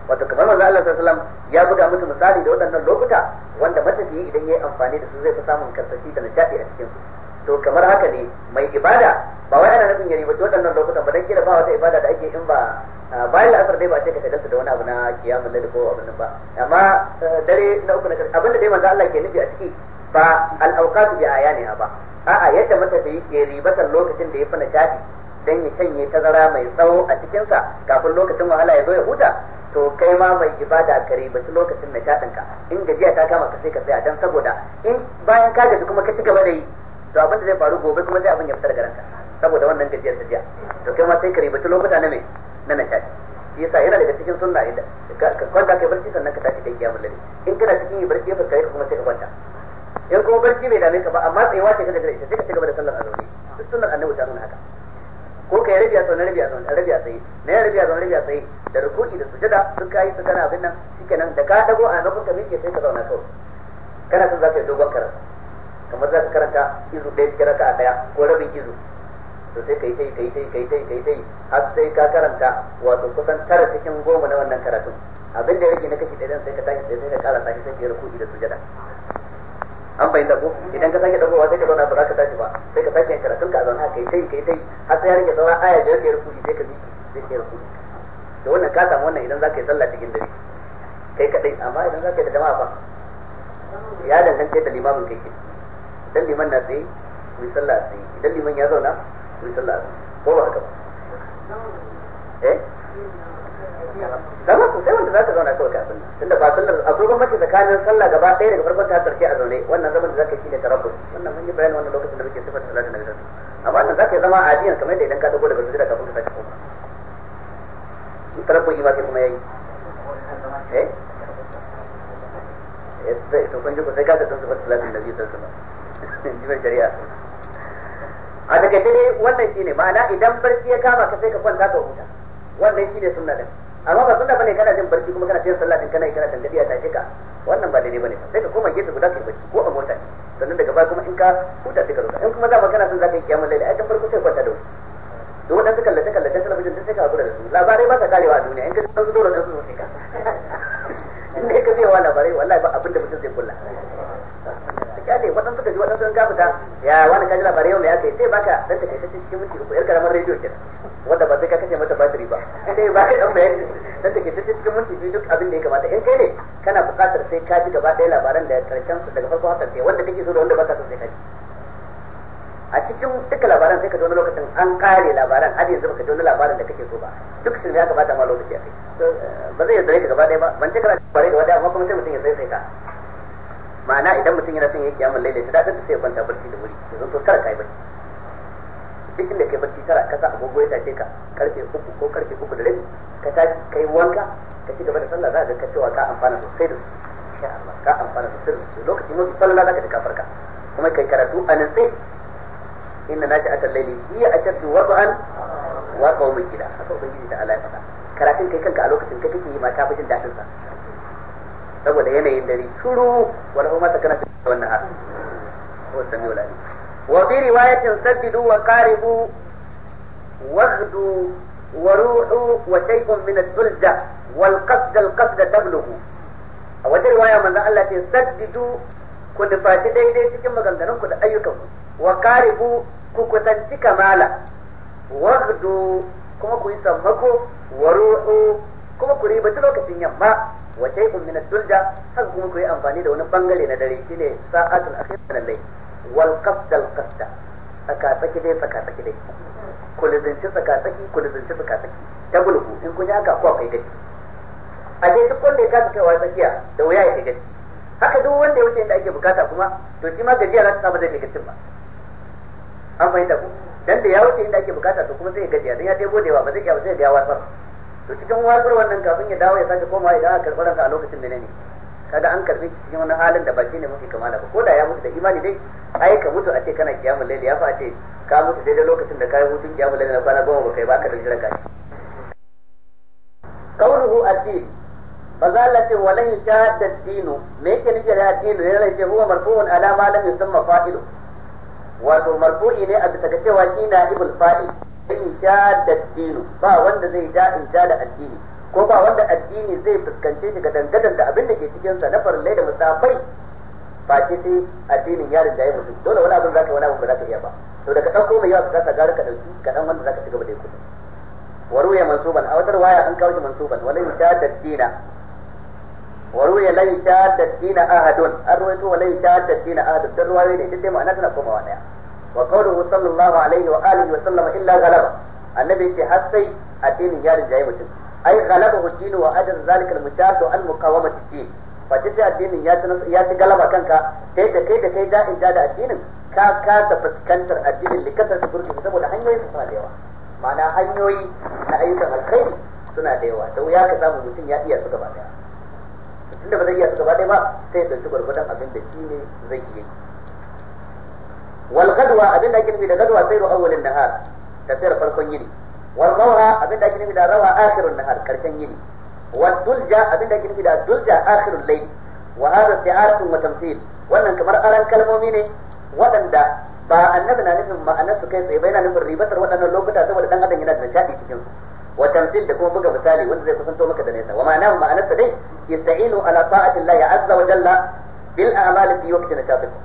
wato kamar manzo Allah sallallahu alaihi wasallam ya buga musu misali da wadannan lokuta wanda mataki idan yayi amfani da su zai fi samun karsashi da nishadi a cikin su to kamar haka ne mai ibada ba wai ana nufin ya ribaci wadannan lokutan ba dan kira ba wata ibada da ake in ba Ah, bayan la'asar dai ba ce ka shagalta da wani abu na kiyamun lalle ko abin nan ba amma eh, dare na uku na karshe abin da dai manzo Allah ke nufi a ciki ba al-awqatu bi ayaniha ba a'a yadda matafiyi ke ribatar lokacin da ya fi nishadi dan ya shanye tazara mai tsawo a cikinsa kafin lokacin wahala ya zo ya huta to kai ma mai ibada ka ribaci lokacin ka in gajiya ta kama ka sai ka tsaya dan saboda in bayan ka gaji kuma ka ci gaba da yi to abin da zai faru gobe kuma sai abin ya fitar da ranka saboda wannan gajiyar ta jiya to kai ma sai ka ribaci lokuta na mai na nishadi shi yasa yana daga cikin sunna inda ka kwanta kai barci sannan ka tashi kai kiyamul lili in kana cikin yi barci ka kai kuma sai ka kwanta in kuma barci bai dame ka ba amma tsayawa ce kada gare ita sai ka cigaba da sallar azumi duk sunnar annabi ta nuna haka ko kai rabi a zaune rabi a zaune tsaye na rabi a zaune rabi tsaye da rukuki da sujada duk kai su kana abin nan shikenan da ka dago a gaban ka miƙe sai ka zauna kawai kana son za ka yi dogon karatu kamar za ka karanta izu ɗaya cikin raka'a ɗaya ko rabin izu to sai kai kai kai kai kai kai kai har sai ka karanta wato kusan tara cikin goma na wannan karatun abin da yake na kashi ɗaya sai ka tashi sai ka ƙara tashi sai ka yi rukuki da sujada an fahimta ko idan ka sake dagowa sai ka zauna ba za ka tashi ba sai ka sake karatun ka zauna kai kai kai kai har sai ya rage tsawon aya da yake rukuki sai ka miki sai ka yi rukuki da wannan ka samu wannan idan za ka yi sallah cikin dare kai kadai amma idan za ka yi da jama'a fa ya danganta da limamin kai ke dan liman na tsaye ku sallah tsaye idan liman ya zauna ku sallah ko ba haka eh zama sosai wanda ka zauna kawai kafin tunda ba sallar akwai bambanci tsakanin sallah gaba ɗaya daga farkon ta karshe a zaune wannan zaman da zaka yi ne wannan mun yi bayani wannan lokacin da muke sifar salatin nabi amma wannan zaka zama adiyan kamar yadda idan ka dago daga sujud kafin ka tashi koma in tarabbus ma sai kuma yayi eh eh to kun ji ko sai ka sifar salatin nabi sallallahu [laughs] alaihi wasallam shari'a a daga dare wannan shine ma'ana idan barci ya kama ka sai ka kwanta ka huta wannan shine sunna din amma ba sunna bane kana jin barci kuma kana cikin sallah din kana kana tangadiya ta ka wannan ba daidai bane sai ka koma gefe guda kai barci ko a mota sannan daga baya kuma in ka huta sai ka huta in kuma za kana son za ka yi kiyamul laili ai kan farko sai kwanta da wuri duk wadanda kallace kallace talabijin sai ka hakura da su labarai ba ta karewa a duniya in ka san su dole da su sai ka in kai ka zai wa labarai wallahi ba abinda mutum zai kulla kyale waɗansu ka ji waɗansu ka fita ya wani kaji labarai yau me aka yi sai baka dan ta kai cikin minti ko yar karamar rediyo kenan wanda ba sai ka kashe mata batiri ba sai ba ka dan bayani dan take ta cikin minti biyu duk abin da ya kamata in kai ne kana buƙatar sai ka ji gaba ɗaya labaran da karshen su daga farko hakan sai wanda kake so da wanda baka so sai ka ji a cikin duka labaran sai ka na lokacin an kare labaran har yanzu baka na labaran da kake so ba duk shi ne ya kamata ma lokaci a kai ba zai yarda ka gaba ɗaya ba ban ce kana bare gaba ɗaya amma kuma sai mutum ya sai sai ka ma'ana idan mutum yana son ya yi kiyamun laila shi dadin sai ya kwanta barci da wuri ya zanto tara kai barci duk inda kai barci tara ka sa agogo ya tace ka karfe uku ko karfe uku da rabi ka tashi kai wanka ka ci gaba da sallah za ka ga cewa ka amfana sosai da su ka amfana sosai da su lokaci mafi falala za ka ji ka farka kuma kai karatu a sai inna nashi akan laili hiya ashaddu wad'an wa kawo qawmin gida a kawo ubangiji gida Allah ya faɗa karatun kai kanka a lokacin kai kake yi ma ta fi jin daɗin saboda yanayin dare shuru wani kuma ta kana wannan har ko sami wala wa bi riwayatin saddidu wa qaribu waghdu وروحوا وشيء من الثلجة والقصد القصد تبلغ a wata riwaya manzon Allah ce saddidu ku nufaci daidai cikin maganganunku da ayyukanku wa karibu ku kusanci kamala wagdu kuma ku yi sammako wa ruhu kuma ku ribaci lokacin yamma wa shay'un min ad-dulja haka kuma ku yi amfani da wani bangare na dare shine Sa'atun akhir min al-layl wal qasd Kasta. qasd tsaki dai tsaka tsaki dai ku lizinci tsaka tsaki ku tsaka tsaki ta gulgu in kun yi haka ko akwai gaci a dai duk wanda ya kai kaiwa tsakiya da wuya ya gaci haka duk wanda ya wuce inda ake bukata kuma to shi ma gajiya za ta samu da gacin ba an fahimta ku dan da ya wuce inda ake bukata to kuma zai gajiya dan ya debo da yawa ba zai iya ba zai ga wasar to cikin wasar wannan kafin ya dawo ya sake komawa idan aka karɓar ranka a lokacin menene kaga an karbi cikin wannan halin da ba shi ne mafi kamala ba ko da ya mutu da imani dai ai ka mutu a ce kana kiyamul laili ya fa a ce ka mutu daidai lokacin da kai hutun kiyamul laili na kwana goma ba kai ba ka dalilin ka kaunuhu addini maza Allah ce walan dinu me yake nufi da addinu ne ce huwa marfu'un ala ma lam yusamma fa'ilu wato marfu'i ne a bisa ga cewa shi na ibul fa'i in sha da dinu ba wanda zai ja in sha da addini ko ba wanda addini zai fuskance shi ga dangadan da abin da ke cikin sa na farle da musafai ba ce sai addinin yarin rinjaye mutum dole wani abin zaka wani abin ba zaka iya ba to daga dan komai yawa ka kasa gara ka dauki ka dan wanda zaka ci gaba da yi kudu waruya mansuban a wata waya an kawo shi mansuban wala in sha da dinu wa ruya la yashadda dina ahadun an ruwaito wa la yashadda dina ahadun dan ruwa ne ita ce ma'ana tana komawa daya wa sallallahu alaihi wa wa sallama illa ghalaba annabi ce har sai addinin ya rinjaye mutum ai ghalabahu dinu wa ajr zalika al-mushaqu an muqawamati din fa addinin ya ci ya ci galaba kanka kai da kai da kai da in da addinin ka kasa fuskantar addinin likasar su burki saboda hanyoyin su suna da yawa mana hanyoyi na ayyukan alkhairi suna da yawa da wuya ka samu mutum ya iya su gaba daya tunda ba zai iya su gaba ɗaya ba sai ya dauki gwargwadon abin da shi ne zai iya yi wal gadwa abin da ake nufi da gadwa sai ru'awwalin nahar tafiyar farkon yini wal rawha abin da ake nufi da rawa akhirun nahar karshen yini wal dulja abin da ake nufi da dulja akhirul layl wa hada isti'aratun wa tamthil wannan kamar aran kalmomi ne waɗanda ba annabi na nufin ma'anar su kai tsaye ba yana nufin ribatar waɗannan lokuta saboda dan adam yana da nishadi cikin su wa tamthil da kuma buga misali wanda zai kusanto maka da nesa wa ma'ana ma'anahu ma'anarsa dai ista'inu ala ta'ati Allah azza wa jalla bil a'mal fi waqtin nashatikum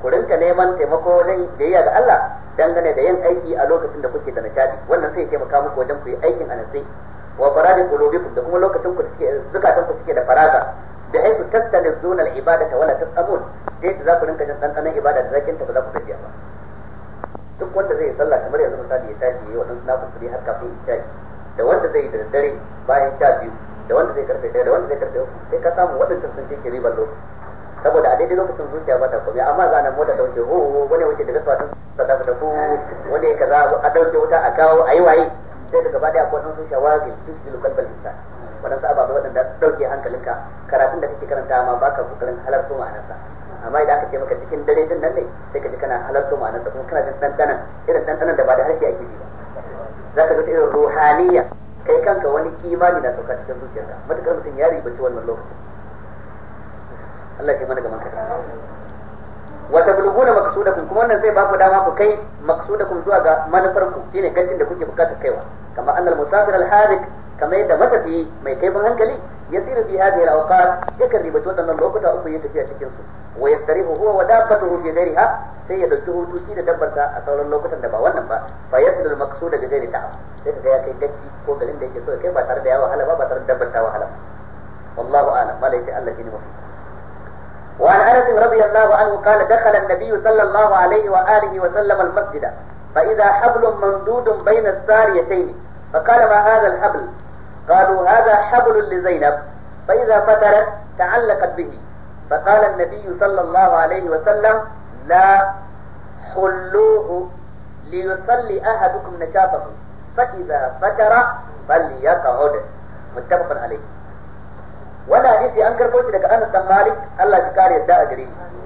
ku rinka neman taimako wajen biyayya ga Allah dangane da yin aiki a lokacin da kuke da nishadi wannan sai ya taimaka muku wajen ku yi aikin anasai wa faradin qulubikum da kuma lokacin ku suke zukatan ku suke da faraga da haisu tattalizuna al ta wala tasamun sai za ku rinka jin dandanan ibada da zakin ta ba za ku gajiya ba duk wanda zai yi sallah kamar yanzu misali ya tashi yayi wadansu nafiloli har kafin ya tashi da wanda zai yi da dare bayan sha biyu da wanda zai karfe ɗaya da wanda zai karfe uku sai ka samu waɗanda sun ce shi ribar lokaci saboda a daidai lokacin zuciya ba ta komai amma za na mota wuce ho oh, oh, oh, wani wuce daga suwa sun sa ta fita ko wani kaza a ɗauke wuta a kawo a yi waye sai daga gaba daya ko sun shawagin tusdil qalbal insan wadansu ababai wadanda dauke hankalinka karatun da kake karanta ma baka kokarin halarta ma'anarsa amma idan aka ce maka cikin dare din nan ne sai ka ji kana halarta ma'anarsa kuma kana jin ɗanɗanan irin ɗanɗanan da ba da harshe ake ji ba za ka ga irin ruhaniya kai kanka wani imani na sauka cikin zuciyarka matukar mutum ya ci wannan lokacin Allah ke mana gaman kada wa tabluguna maqsudakum kuma wannan zai baku dama ku kai maqsudakum zuwa ga manufar ku shine gancin da kuke bukatar kaiwa kamar annal musafir al hadik kamar yadda matafi mai kaifin hankali ya tsira bi hadhihi al awqat yakan ribaci wannan lokuta uku ya tafiya cikin su wa yastarihu huwa wa dabbatuhu fi ghairiha sai ya dauki hutu shi da dabbarsa a sauran lokutan da ba wannan ba fa yasdul maqsud bi ghairi ta'ab sai kaga ya kai gaci ko garin da yake so kai ba tare da ya wahala ba ba ta wahala wallahu وعن انس رضي الله عنه قال دخل النبي صلى الله عليه واله وسلم المسجد فاذا حبل ممدود بين الساريتين فقال ما هذا الحبل قالوا هذا حبل لزينب فاذا فترت تعلقت به فقال النبي صلى الله عليه وسلم لا حلوه ليصلي أحدكم نشاطه فإذا فتر فليقعد متفق عليه وانا حديثي أنكر كربو daga Anas dan Malik Allah ya kare yadda a gare shi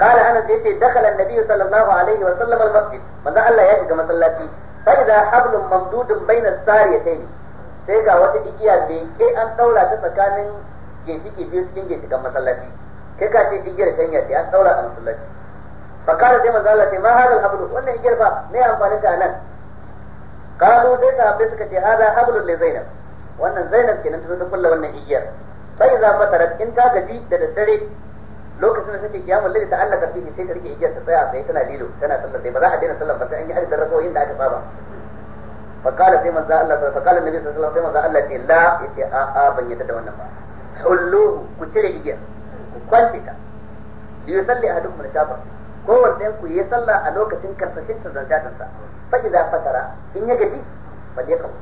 قال أنس yace دخل النبي صلى الله عليه وسلم المسجد manzo Allah ya shiga masallaci فإذا حبل ممدود بين الساريتين sai ga wata igiya da ke an daura ta tsakanin ginshiki biyu cikin ginshikan masallaci kai ka ce igiyar shanya ce an daura a musulunci. fa sai manzo Allah sai ma hadal hablu wannan igiyar fa me amfani ka nan kalu sai sahabbai suka ce hada hablul li zainab wannan zainab kenan ta zo ta kulla wannan igiyar sai za mata in ta gaji da daddare lokacin da take kiyamul laili ta Allah karfi sai ta rike igiyar ta tsaya sai tana lilo tana sallar sai ba za a daina sallar ba sai an yi adadin rakoyin da aka saba فقال سيما ذا الله فقال النبي صلى الله عليه وسلم سيما ذا الله لا يتي آآ بن يتدى ونفع حلوه كتير إجيا ku kwantita Salli yusalli ahadukum al-shafa kowanne ku yi sallah a lokacin karsashin sa zanjatin sa fa idza fatara in ya gaji fa ya kawo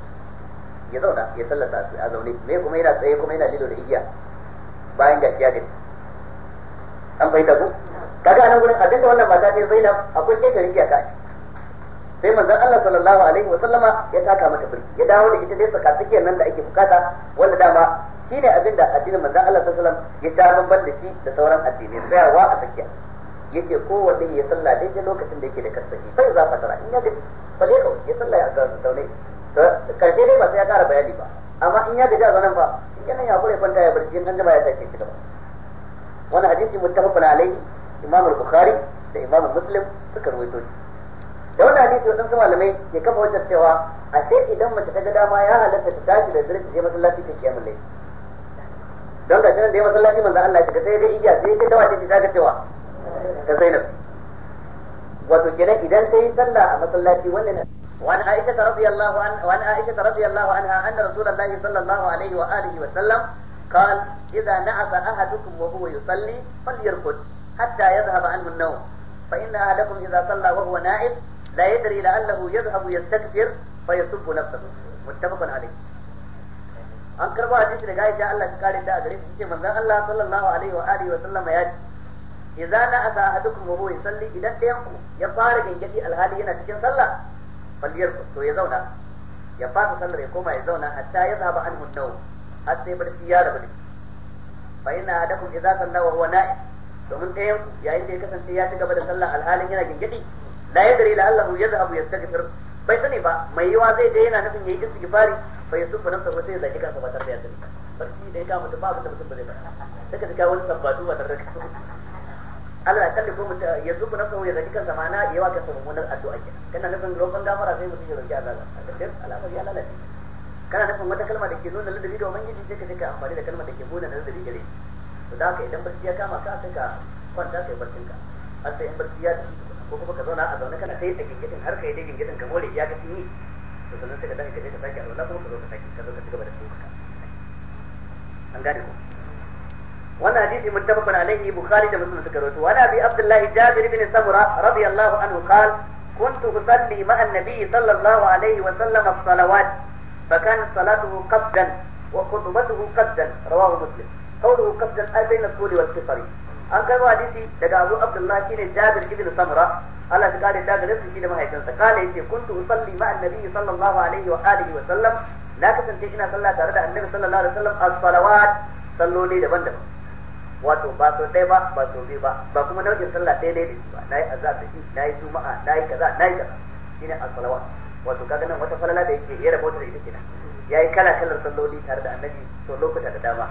ya zauna ya sallata a zaune me kuma yana tsaye kuma yana lilo da igiya bayan gashi ya gaji an fahimta ku kaga anan gurin abinda wannan mata yi Zainab akwai ketare igiya ta sai manzon Allah sallallahu alaihi wa sallama ya taka mata birki ya dawo da ita dai tsaka tsakiyar nan da ake bukata wanda dama shine abin da addinin manzo Allah sallallahu alaihi wasallam ya ta bamban da shi da sauran addinai tsayawa a tsakiya yace wanda ya sallah daidai lokacin da yake da kasafi sai za tara in ya gaji bale dai ya salla ya ga zaune karshe dai ba sai ya kara bayani ba amma in ya gaji a zanen fa in kana ya kure kwanta ya barci in an jima ya tashi shi ba wannan hadisi muttafaqun alaihi imam al-bukhari da imam muslim suka rawaito shi da wannan hadisi wadansu malamai ke kafa wajen cewa a sai idan mace ta ga dama ya halatta ta tashi da ta je masallaci ta kiyamul layl don ga shi da masallaci manzo Allah ya sai ga igiya sai ga dawa ce ta ga cewa ta Zainab wato kenan idan sai sallah a masallaci wannan وعن عائشة رضي الله عن وعن عائشة رضي الله عنها أن رسول الله صلى الله عليه وآله وسلم قال إذا نعس أحدكم وهو يصلي فليركض حتى يذهب عنه النوم فإن أحدكم إذا صلى وهو نائم لا يدري لعله يذهب يستكبر فيسب نفسه متفق عليه an karba hadisi daga Aisha Allah shi kare ta a gare shi ce manzon Allah sallallahu alaihi wa alihi wa sallama ya ce idza na asa ahadukum wa huwa yusalli idan ɗayan ku ya fara gangadi alhali yana cikin sallah ku to ya zauna ya fasa sallar ya koma ya zauna hatta ya zaba anhu nawu har sai barci ya rabu shi fa inna ahadakum idza salla wa huwa na'im domin ɗayan ku yayin da ya kasance ya ci gaba da sallah alhalin yana gangadi la yadri la allahu yadhhabu yastaghfir bai sani ba mai yiwa zai je yana nufin yayi istighfari fa yusuf nafsa ba sai zaki kansa ba tare da yadda barci da ya kama mutum ba abin da mutum ba zai ba sai ka wani sabbatu ba tare da Allah kan da mutum ya zuba na sauya zaki kansa ma na yawa kansa mummunar addu'a ke kana nufin roƙon gafara sai mutum ya roƙi azaba sai al'amari ya lalace kana nufin wata kalma da ke nuna ladabi ga ubangiji sai ka take amfani da kalma da ke nuna ladabi gare shi to da haka idan barci ya kama ka sai ka kwanta kai barcin ka har sai in barci ya ko kuma ka zauna a zaune kana sai da gingirin har kai da gingirin ka more ya ga sun yi to sannan sai ka tashi ka je ka sake alwala kuma ka zo ka sake ka zo ka cigaba da tsoka an gane ko wannan hadisi muttafaqun alaihi bukhari da muslim suka rawaito abi abdullahi jabir samura radiyallahu anhu qala كنت أصلي مع النبي صلى الله عليه وسلم الصلوات فكانت صلاته قصدا وخطبته قصدا رواه مسلم قوله قصدا أي بين الطول والقصر an karbo hadisi daga Abu Abdullah shine Jabir ibn Samra Allah shi kare da gare shi da mahaifinsa kala yace kuntu usalli ma'an nabiyyi sallallahu alaihi wa alihi wa sallam na kasance ina sallah tare da annabi sallallahu alaihi wa sallam as-salawat salloli daban-daban wato ba so ɗaya ba ba so biyu ba ba kuma nau'in sallah ɗaya ɗaya da shi ba nayi azhar da shi nayi juma'a nayi kaza nayi kaza shine as-salawat wato kaga nan wata falala da yake ya rabota da ita kenan yayi kala kalar salloli tare da annabi to lokuta da dama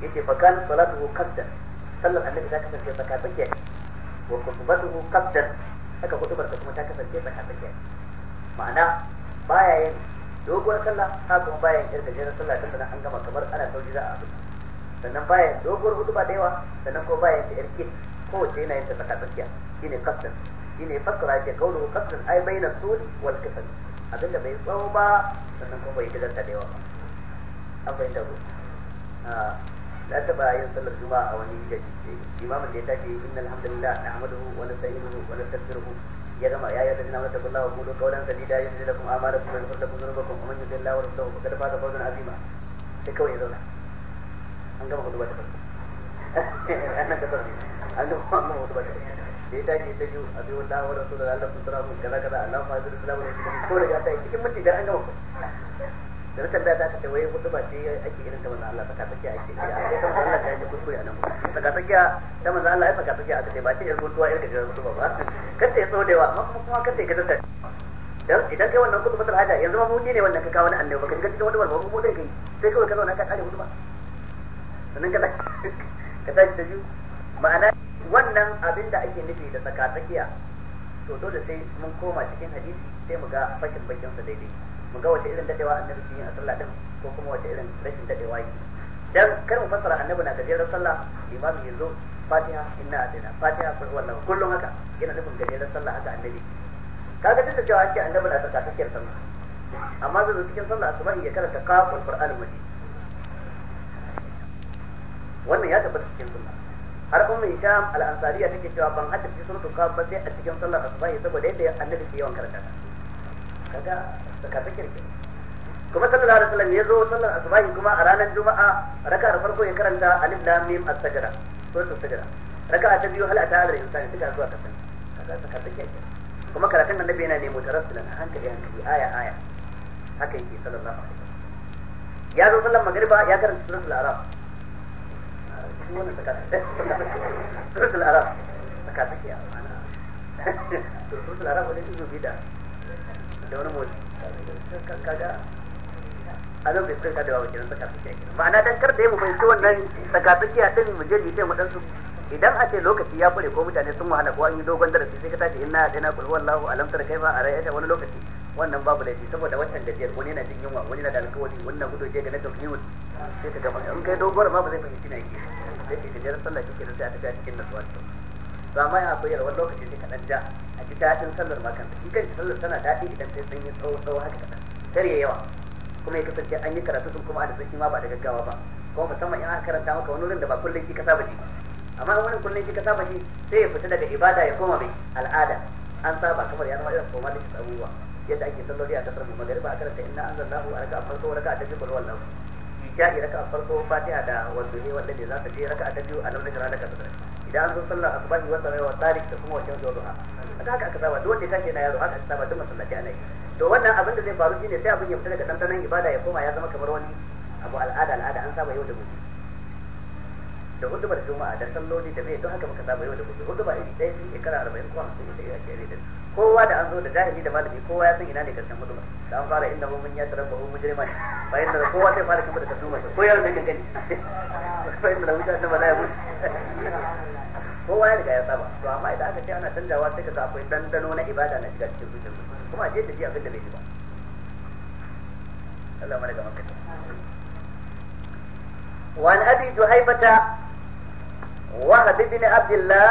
yace fa kan Salatu qasdan sallar annabi ta kasance tsaka wa khutbatuhu qasdan haka hudubar ta kuma ta kasance ba mai hasakiya ma'ana baya yin doguwar sallah ha kuma baya yin irin gajeren sallah tun da an gama kamar ana sauki za a abu sannan baya yin doguwar huduba da yawa sannan ko baya yin ta irkit kowace yana yin ta tsaka tsakiya shine kasdan shine fassara ce kaulu kasdan ai baina suli wal kasal abinda bai tsawo ba sannan kuma bai gajarta da yawa ba an fahimta ku ah. na taba yin sallar juma'a a wani da imamin da ya tashi inna alhamdulillah nahmaduhu wa nasta'inuhu wa nastaghfiruh ya gama ya yarda na wata billahi wa qulu qawlan sadida yuzil lakum a'malakum wa yaghfir lakum dhunubakum wa man yuti Allah wa rasulahu faqad faza fawzan azima sai kawai ya zauna an gama hudu ba ta [laughs] an ta da ya ta biyu a Allah cikin minti da an gama da na da ba ce ake irin ta manzo Allah saka ake ya Allah kuskure anan saka ta manzo Allah ai saka tsakiya ba ce irin ba kar ta da yawa amma kuma kar ta yi dan idan kai wannan kudu haja yanzu ma mu ne wannan ka kawo annabi baka shiga cikin wani mu kai sai kawai ka zauna ka kare ba sannan ka ka tashi ta biyu ma'ana wannan abin da ake nufi da tsaka tsakiya to dole sai mun koma cikin hadisi sai mu ga fashin bakin sa daidai mu ga wace irin dadewa annabi ke yi a sallah din ko kuma wace irin rashin dadewa yi dan kar mu fassara annabi na gajeren sallah imami ya zo fatiha inna adina fatiha kul huwallahu kullum haka yana nufin gajeren sallah haka annabi kaga duk da cewa ake annabi na tsaka take sallah amma zai zo cikin sallah asubahi ya karanta qaful qur'an majid wannan ya tabbata cikin sunna har ummu hisham al-ansariya take cewa ban haddace suratul qaf ba sai a cikin sallar asubahi saboda yadda annabi ke yawan karanta kaga saka fikir kuma sallallahu alaihi wasallam ya zo sallar asubahi kuma a ranar juma'a raka'a da farko ya karanta alif lam mim as-sajda suratul sajda raka'a ta biyu hal ata al insani duka zuwa kasan kaga saka fikir kuma karatun nabi yana nemo ne mutarassalan hankali hankali aya aya haka yake sallallahu alaihi wasallam ya zo sallar magriba ya karanta suratul araf suratul araf saka take a ma'ana [laughs] suratul araf wani izu bida da wani motsi kaga a nan bai da babu kenan tsakatsakiya kenan ma'ana dan kar da mu fahimci wannan tsakatsakiya din mu je mu ce mu dan su idan a ce lokaci ya kure ko mutane sun wahala ko an yi dogon darasi sai ka tashi inna da na kulhu wallahu alam tar kaifa arayata wani lokaci wannan babu laifi saboda wancan gajiyar wani na jin yunwa wani na da alkawari wani na gudu je ga na tafiyus sai ka gama in kai dogon ma ba zai fahimci na yake sai ka gajiyar sallah kike da sai a tafi a cikin nasuwa ba amma yana so wani lokaci ne kaɗan ja a ji daɗin sallar ma kanta shi kanshi sallar tana daɗi idan sai sanyi tsawo tsawo haka kaɗan kar ya yawa kuma ya kasance an yi karatu sun kuma a da shi ma ba da gaggawa ba kuma musamman in aka karanta maka wani wurin da ba kullum shi ka saba shi amma in wani kullum shi ka saba shi sai ya fita daga ibada ya koma mai al'ada an saba kamar ya zama irin koma da abubuwa yadda ake salloli a kasar mu magariba a karanta inna anzalallahu a raka'a farko raka'a ta biyu kullu wallahu isha'i raka'a farko fatiha da wanda wanda ne za ta je raka'a ta biyu a nan da rana ka sadaka da an zo sallar asbahi wa sarai wa da kuma wajen zuwa haka haka aka saba duk wanda ya yaro haka aka saba duk masallaci to wannan abin da zai faru shine sai abin ya fita daga dandanan ibada ya koma ya zama kamar wani abu al'ada al'ada an saba yau da gobe da hudubar juma'a da salloli da mai haka muka saba yau da gobe iri ɗaya shekara arba'in ko hamsin ya kere da kowa da an zo da jahili da malami kowa ya san ina ne karshen huduba da an fara inda mun ya tarar ba mun jirma bayan da kowa sai fara kuma da ko yaro ne kankani bayan da ba za ya mutu kowa ya riga ya saba to amma idan aka ce ana canjawa sai ka ga akwai dandano na ibada na shiga cikin zuciyar kuma je ta ji abin da bai ji ba Allah mana gaban kace وعن ابي جهيبه وهب بن عبد الله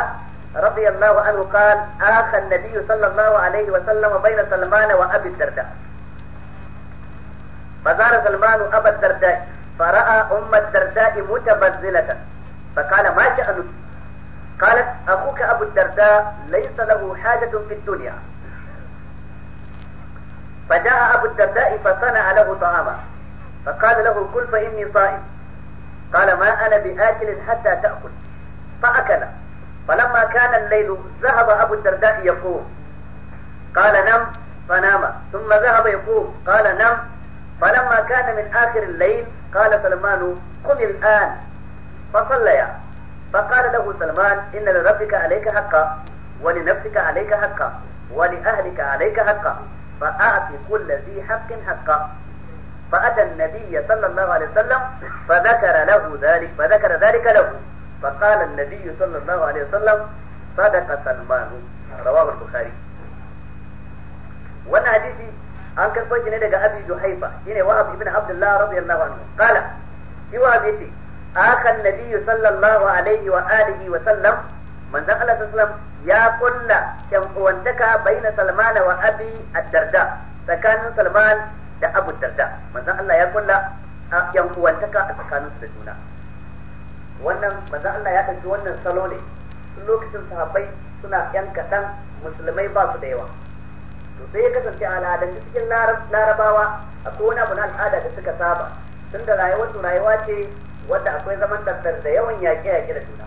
رضي الله عنه قال اخى النبي صلى الله عليه وسلم بين سلمان وابي الدرداء فزار سلمان ابا الدرداء فراى ام الدرداء متبذله فقال ما شانك قالت أخوك أبو الدرداء ليس له حاجة في الدنيا فجاء أبو الدرداء فصنع له طعاما فقال له كل فإني صائم قال ما أنا بآكل حتى تأكل فأكل فلما كان الليل ذهب أبو الدرداء يقوم قال نم فنام ثم ذهب يقوم قال نم فلما كان من آخر الليل قال سلمان قم الآن فصليا فقال له سلمان إن لربك عليك حقا ولنفسك عليك حقا ولأهلك عليك حقا فأعط كل ذي حق حقا فأتى النبي صلى الله عليه وسلم فذكر له ذلك فذكر ذلك له فقال النبي صلى الله عليه وسلم صدق سلمان رواه البخاري وانا حديثي an karɓo shi ne daga abi juhaifa shine wahab ibn abdullah radiyallahu anhu qala shi wahab yace akhan nabiyyu sallallahu alaihi wa alihi wa sallam manzon Allah sallallahu ya kulla yan uwantaka baina Salman wa Abi ad-Darda tsakanin Salman da Abu Darda manzon Allah ya kulla yan uwantaka a tsakanin su da juna wannan manzon Allah ya dauki wannan salo ne lokacin sahabbai suna yan kaɗan musulmai ba su da yawa to sai ya kasance a al'adance cikin larabawa akwai wani abu na al'ada da suka saba tunda rayuwarsu rayuwa ce wanda akwai zaman dantar da yawan yaƙe yaƙe da juna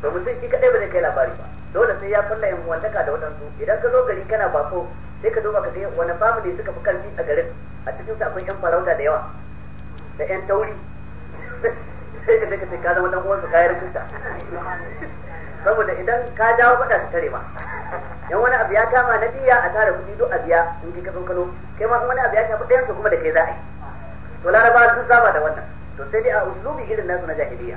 to mutum shi kaɗai ba zai kai labari ba dole sai ya kulla yan wantaka da waɗansu idan ka zo gari kana bako sai ka duba ka ga wani family suka fi karfi a garin a cikin su akwai yan farauta da yawa da yan tauri sai ka daga ka zama dan uwansu kayan rijista saboda idan ka dawo faɗa su tare ma yan wani abu ya kama na biya a tare kuɗi duk abiya biya in ka zo kano kai ma wani abu ya shafi ɗayan su kuma da kai za a yi to laraba sun saba da wannan to sai dai a uslubi irin nasu na jahiliya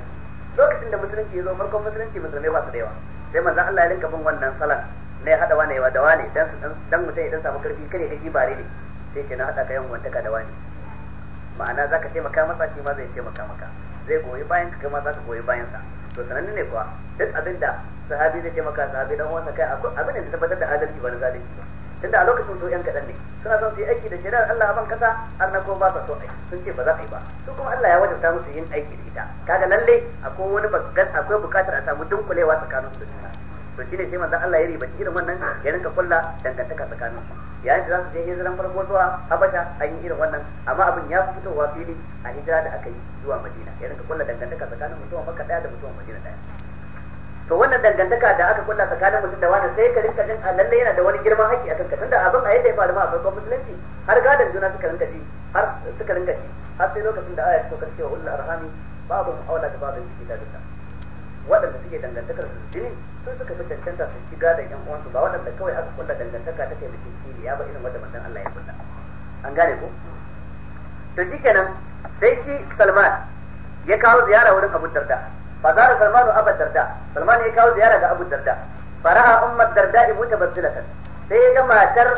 lokacin da musulunci ya zo farkon musulunci musulmai ba su da yawa sai manzo Allah ya rinka bin wannan salat na ya hada wani wa wani dan dan mutai dan samu karfi kare da shi bare ne sai ce na hada ka yan ka da wani ma'ana zaka taimaka masa shi ma zai taimaka maka zai goyi bayan ka kuma zaka goyi bayan sa to sananne ne kuwa duk abin da sahabi zai taimaka sahabi dan uwansa kai abin da tabbatar da adalci ba na zalunci ba tunda a lokacin so yan kadan ne suna son su yi aiki da shari'ar Allah a kasa har na kuma ba sa so ai sun ce ba za a yi ba su kuma Allah ya wajabta musu yin aiki da ita kaga lalle akwai wani akwai bukatar a samu dunkulewa tsakanin su da to to ne sai manzon Allah ya riba irin wannan ya rinka kulla dangantaka tsakanin su yayin da za su je hijiran farko zuwa Habasha an yi irin wannan amma abin ya fitowa fili a hijira da aka yi zuwa Madina ya rinka kulla dangantaka tsakanin mutuwan Makka daya da mutuwan Madina daya to wannan dangantaka da aka kulla tsakanin mutum da wani sai ka rinka jin a lalle yana da wani girman haƙƙi akan kanka tunda abin a yadda ya faru ma a farkon musulunci har gadon juna suka rinka ji har suka rinka ci har sai lokacin da aya ta saukar cewa ulul arhami babu aula da babu fi duka. waɗanda suke dangantakar su jini su suka fi cancanta su ci gadon yan uwansu ba waɗanda kawai aka kulla dangantaka ta kai mutum shi ya ba irin wanda mutum Allah ya kulla an gane ko to shikenan sai shi Salman ya kawo ziyara wurin Abu Darda fa zara salmanu abu darda salman ya kawo ziyara ga abu darda fara'a ummat darda ibu tabassilatan sai ya ga matar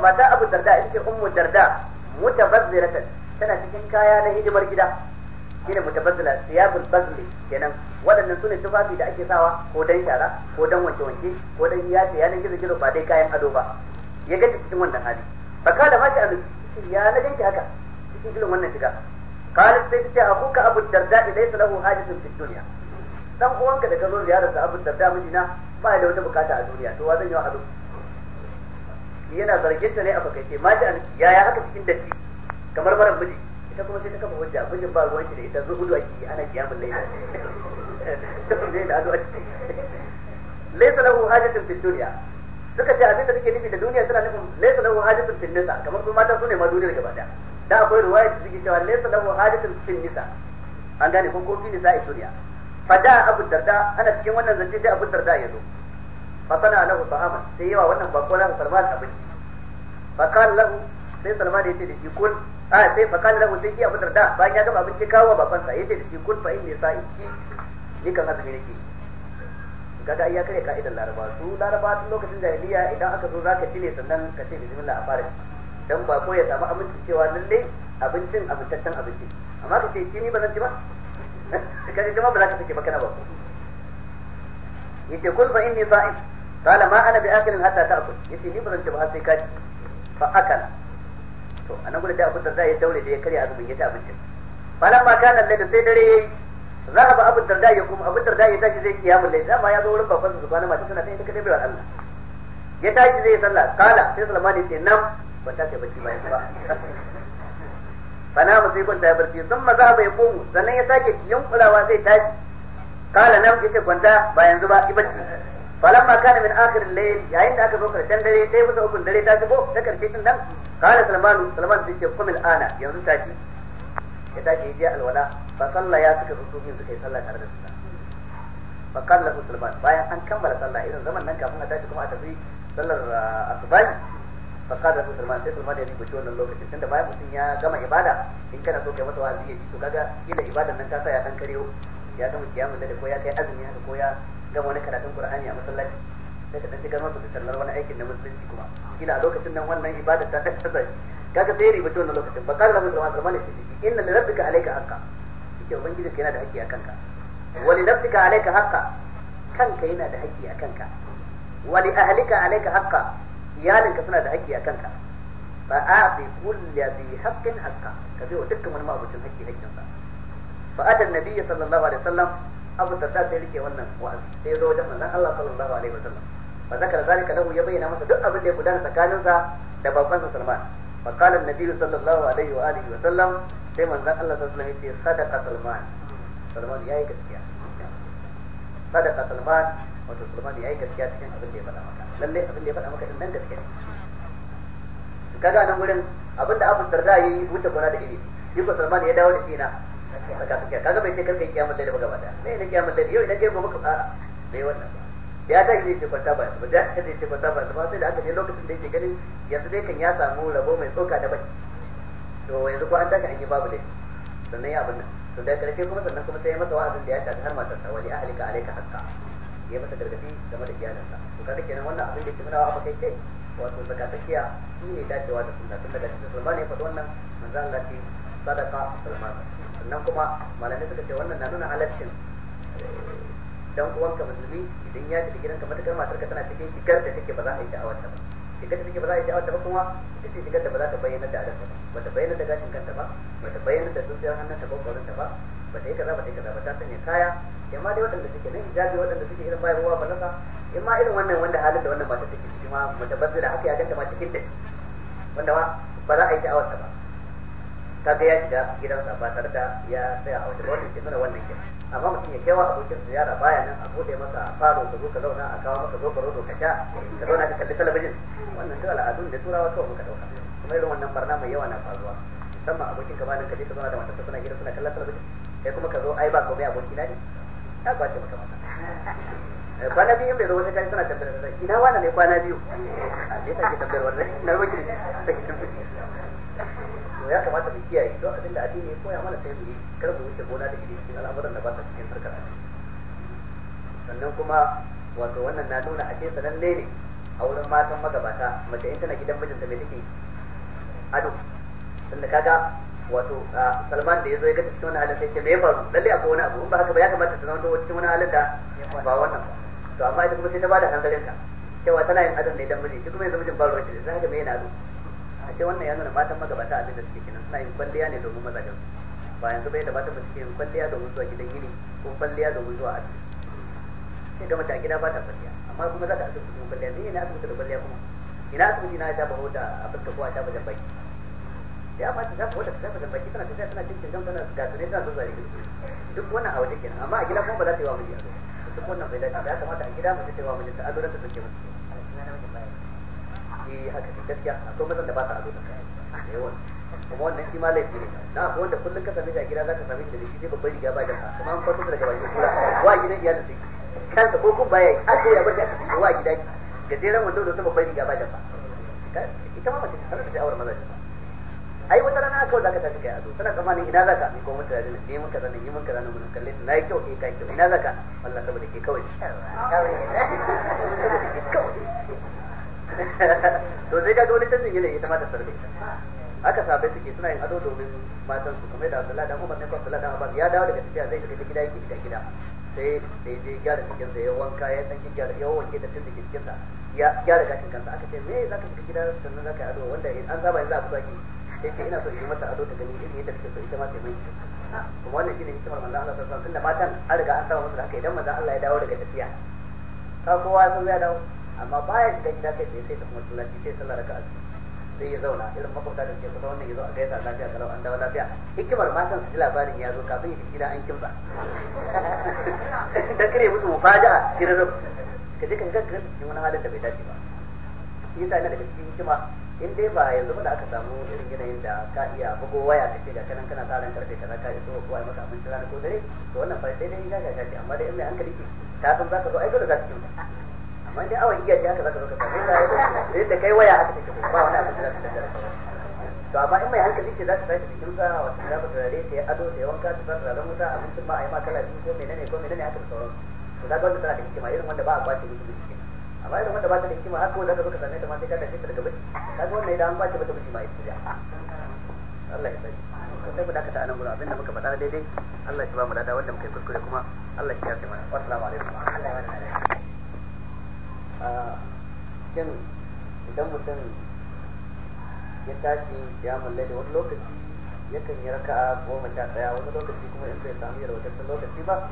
mata abu darda ita ce ummu darda mutabazziratan tana cikin kaya na hidimar gida shine mutabazzila siyabul bazli kenan waɗannan sune tufafi da ake sawa ko dan shara ko dan wanke wanke ko dan yace yanan gizo gizo ba dai kayan ado ba ya gaji cikin wannan hali fa kada ma cikin ya na ganki haka cikin irin wannan shiga qalat sai tace abuka abu darda laysa lahu hajatun duniya, dunya dan uwanka da kazo ziyarar sa abu darda mijina ba da wata bukata a duniya to wa zan yi wa yana zargin ta ne a fakaice ma shi anki yaya haka cikin datti kamar maran miji ita kuma sai ta kafa hujja mijin ba ruwan shi da ita zuhudu ake yi ana kiyamun laila [laughs] ne da azu a ciki laysa lahu hajatun fid dunya suka ce abin da take nufi da duniya tana nufin laysa lahu hajatun fil nisa kamar kuma mata su ne ma duniyar gaba daya da akwai ruwaya da suke cewa laysa lahu hajatun fin nisa an gane ko ko fi nisa isuriya fa da abu darda ana cikin wannan zance sai abu darda ya zo fa sana lahu ta'ama sai yawa wannan ko na salman abinci fa qala lahu sai salman ya ce da shi kun a sai fa qala lahu sai shi abu darda bayan ya gama abinci kawo baban sa yace da shi kun fa inni ci ni kan azumi nake kaga ai ya kare ka'idar laraba su laraba tun lokacin jahiliya idan aka zo zaka ci ne sannan ka ce bismillah a fara ci dan bako ya samu aminci cewa lalle abincin abintaccen abinci amma ka ce ni ba zan ci ba [laughs] kaje jama'a ba za ka sake ba kana yace kul fa inni sa'im qala ma ana bi akalin hatta ta'kul yace ni ba zan ci ba har sai ka ci fa akala to anan gudu da abin da zai daure da ya karya azumin ya ci abincin ma kana lalle sai dare yayi zahaba abu darda ya kuma abu darda ya tashi zai kiyamul layl dama ya zo wurin babansa subhanahu wa ta'ala tana ta kada bai Allah ya tashi zai sallah kala sai Sulaiman ya ce nan ta kai bacci bayan ba fana ba sai kwanta ya barci sun maza bai komo, sannan ya sake yunkulawa zai tashi kala nan ce kwanta ba yanzu ba ki bacci ma kana min akhir layl yayin da aka zo karshen dare sai musa ukun dare ta shigo ta karshe din nan kala salmanu salman sai ce kumil ana yanzu tashi ya tashi ya je alwala fa salla ya suka zo domin suka yi sallah tare da su fa kallahu salman bayan an kammala sallah irin zaman nan kafin a tashi kuma a tafi sallar ah, asubahi fakka da su sulman sai sulman ya ribuci wannan lokacin tunda bayan mutum ya gama ibada in kana so kai masa wa'azi ya ji to kaga kila ibadan nan ta sa ya dan karewo ya gama kiyamun da ko ya kai azumi haka ko ya gama wani karatun qur'ani a masallaci sai ka dan shiga masa da tallar wani aikin na musulunci kuma kila a lokacin nan wannan ibada ta dan tsaya shi kaga sai ya ribuci wannan lokacin fakka da su sulman sulman ya ce inna li rabbika alayka haqqan yake ubangiji yana da haƙƙi a kanka wali nafsika alayka haqqan kanka yana da haƙƙi a kanka wali ahlika alayka haqqan iyalinka suna da haƙƙi a kanka fa a'ti kulli bi haqqin haqqa ka biyo dukkan wani ma'abucin haƙƙi haƙƙin sa fa ata annabi sallallahu alaihi wasallam abu darda sai rike wannan wa'azi sai zo wajen manzon Allah sallallahu alaihi wasallam fa zakara zalika lahu ya bayyana masa duk abin da ya gudana tsakaninsa da babansa Salman fa qala annabi sallallahu alaihi wa alihi wasallam sai manzon Allah sallallahu alaihi wasallam ya ce sadaqa Salman Salman yayi gaskiya sadaqa Salman wato Salman yayi gaskiya cikin abin da ya faɗa maka lalle abin da ya faɗa maka din nan gaskiya ne kaga nan gurin abin da Abu Darda yayi wuce gona da ilimi shi ko Salman ya dawo da shi na tsaka kaga bai ce karka yi kiyamul laili ba gaba daya ne ne kiyamul laili yau idan kai ba maka a bai wannan ya ta yi ce kwanta ba ba da ta ce kwanta ba ba sai da aka je lokacin da yake ganin yanzu dai kan ya samu rabo mai tsoka da bacci to yanzu ko an tashi an yi babu ne? sannan ya abin nan to da karshe kuma sannan kuma sai ya masa wa'azin da ya shafi har matarsa wali ahlika alayka hakka ya masa gargadi game da iyalinsa to kaga kenan wannan abin da ke nuna a kai ce wato zakatakiya su ne dacewa da sunna tun daga cikin sulman ya faɗi wannan manzo Allah ce sadaka sulman sannan kuma malamai suka ce wannan na nuna halaccin eh, dan uwanka musulmi idan ya shiga gidanka matakar matarka tana cikin shigar da take ba za a yi sha'awar ta ba shigar da take ba za a yi sha'awar ta ba kuma ita ce shigar da ba za ta bayyana da adanta ba ba ta bayyana da gashin kanta ba ba ta bayyana da dukiyar hannunta ko kwarinta ba ba ta yi kaza ba ta yi kaza ba ta sanya kaya amma dai waɗanda suke nan hijabi waɗanda suke irin bai ruwa fallasa in ma irin wannan wanda halin da wannan mata take ciki ma mutabazzira haka ya ganta ma cikin datti wanda ma ba za a yi sha'awar ta ba ga ya shiga gidansa ba tare da ya tsaya a waje ba wannan ke nuna wannan ke amma mutum ya kewa abokin ziyara baya nan a bude masa faro ka zo ka zauna a kawo maka zoka rodo ka sha ka zauna ka kalli talabijin wannan duk al'adun da turawa kawai muka dauka kuma irin wannan barna mai yawa na faruwa musamman abokin ka ba nan ka je ka zauna da matarsa suna gida suna kallon talabijin kai kuma ka zo ai ba komai abokina ne ta kwace maka mata eh, kwana biyu in bai zo wasu kai suna tambayar wannan ina wani ne kwana biyu A ah, me yasa ke tambayar wannan na roki ne da ke tambaye to ya kamata mu kiyaye don abin da addini ya koya mana sai mu yi kar mu wuce gona da gidi cikin al'amuran da ba sa cikin sarkar sannan kuma wato wannan na nuna ashe sananne ne a wurin matan magabata mace in tana gidan mijinta mai take ado tunda kaga wato Salman da ya zo ya ga cikin wani halin sai ce me ya faru lalle akwai wani abu ba haka ba ya kamata ta zama cikin wani halin da ba wannan ba to amma ita kuma sai ta bada da ta cewa tana yin azan ne dan miji shi kuma yanzu mijin ba ruwan shi zai haka me yana a ashe wannan ya nuna matan magabata abin da suke kenan suna yin kwalliya ne domin mazajen ba yanzu bai da matan ba suke yin kwalliya domin zuwa gidan gini ko kwalliya domin zuwa asibiti sai ga mace a gida ba ta kwalliya amma kuma za ta asibiti domin kwalliya ne ina asibiti da kwalliya kuma ina asibiti na sha bahu da a fuska ko a sha bajan baki ya fashi shafa wata shafa da baki tana tafiya tana cikin jam tana ga tunai tana duk wannan a waje kenan amma a gida kuma ba za ta yi wa miji ado duk wannan bai dace ya kamata a gida mace ta yi wa mijinta ado don ta dauke masa eh haka ne gaskiya akwai mazan da ba sa ado da yawan kuma wannan shi ma laifi ne na akwai wanda kullum ka same shi a gida za ka same shi da sai babban riga ba kuma an daga bakin kura wa gidan iyalin sai kansa ko kun baya ya wa gida gajeren wanda da babban riga ba ita ma mace ta ai wata rana kawai zaka tashi kai azu tana tsammanin ina zaka mai ko mutane eh, ne ne mun kaza nan yi mun kaza mun kalle na yi kyau eh kai kyau ina zaka Allah saboda ke kawai to sai kaga wani canjin yanayi ita ma da sarbe haka su suke suna yin ado domin matan su kamar da Abdullahi da Umar ne ko Abdullahi da Abbas ya dawo daga tafiya zai shiga gida yake shiga gida sai da je gyara cikin sa ya wanka ya tsanki gyara ya wanke da tun da cikin sa ya gyara gashin kansa aka ce me zaka shiga gida sannan zaka yi ado wanda an saba yanzu a fito sai ce ina so in mata ado ta gani irin yadda take so ita ma ta mai kuma wannan shine hikimar manzon Allah sallallahu alaihi wasallam tunda matan an riga an saba musu da haka idan manzon Allah ya dawo daga tafiya ka kowa sun ya dawo amma baya shiga gida kai sai ta kuma sallaci sai sallar raka'a sai ya zauna irin makwabta da ke kusa wannan ya zo a gaisa lafiya kalau an dawo lafiya hikimar matan su ji labarin ya zo kafin ya tafi gida an kimsa ta kare musu mufaja'a kirzab ka je ka ga kirzab cikin wani halin da bai dace ba shi yasa yana daga cikin hikima in dai ba yanzu ba da aka samu irin yanayin da ka iya bugo waya ka ce ga kanan kana sa ran karfe kaza ka iso ko ai maka abinci rana ko dare to wannan fa sai dai gaga ta ce amma dai in mai hankali ce ta san zaka zo ai dole za ta kimsa amma dai awa iya ce haka zaka zo ka samu da sai da kai waya haka take ba wani abu da zaka ta dangara to amma in mai hankali ce za ta tashi cikin sa wata ta turare ta yi ado ta yi wanka ta sa da wuta abincin ma ai ma kala biyu ko menene ko menene haka da sauransu to da ga wanda tana da hikima irin wanda ba a kwace mishi amma irin wanda ba ta da hikima haka wanda ka zo ka same ta ma sai ka tashi ta daga bacci kaga wannan idan an ba ta bata bacci ma istija Allah ya tsare to sai mu dakata anan gurin abinda muka faɗa daidai Allah shi ba mu dada wanda muka yi kuskure kuma Allah shi ya tsare mana assalamu alaikum Allah ya wada ah, shin idan mutum ya tashi ya mallai wani lokaci yakan yi raka'a goma sha ɗaya wani lokaci kuma in bai samu yalwataccen lokaci ba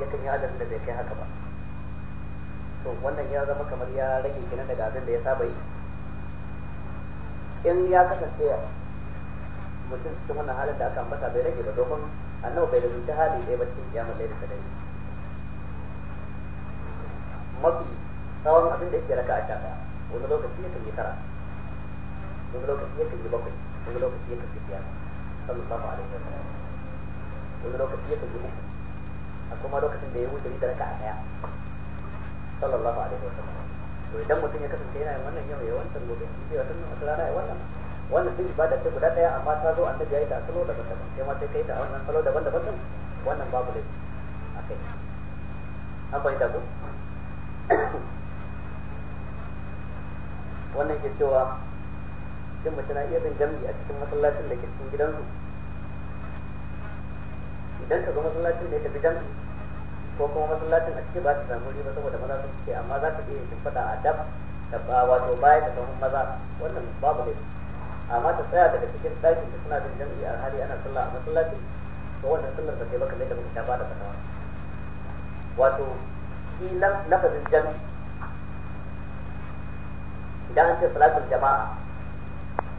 yakan yi adadin da bai kai haka ba to wannan ya zama kamar ya rage kinan daga abin da ya saba yi in ya kasance mutum cikin wannan halin da aka ambata bai rage ba domin annabi bai rubuta hali ɗaya ba cikin kiyamar da ta dare mafi tsawon abin da yake raka a shaka wani lokaci yakan yi tara wani lokaci yakan yi bakwai wani lokaci yakan yi biyar sallallahu alaihi wasallam wani lokaci yakan yi uku a kuma lokacin da ya wuce da raka a ɗaya sallallahu alaihi wasallam to idan mutum ya kasance yana yin wannan yau ya wancan gobe shi ya wannan wata rana ya wannan wannan duk ibada ce guda daya amma ta zo annabi yayi ta salo daban-daban sai ma sai kai ta wannan salo daban-daban din wannan babu laifi akai an fahimta ko [coughs] wannan ke cewa shin mace na iya bin jam'i a cikin masallacin da ke cikin gidansu idan ka zo masallacin da ya tafi jam'i ko kuma masallacin a ciki ba ta samu riba saboda maza sun cike amma za ta iya shimfiɗa a dab da ba wato baya da samun maza wannan babu ne amma ta tsaya daga cikin ɗakin da suna jin jami'i a hali ana sallah a masallaci to wannan sallar ba ta yi ba kamar da muka sha ba da fasawa wato shi lafazin jami'i idan an ce salatul jama'a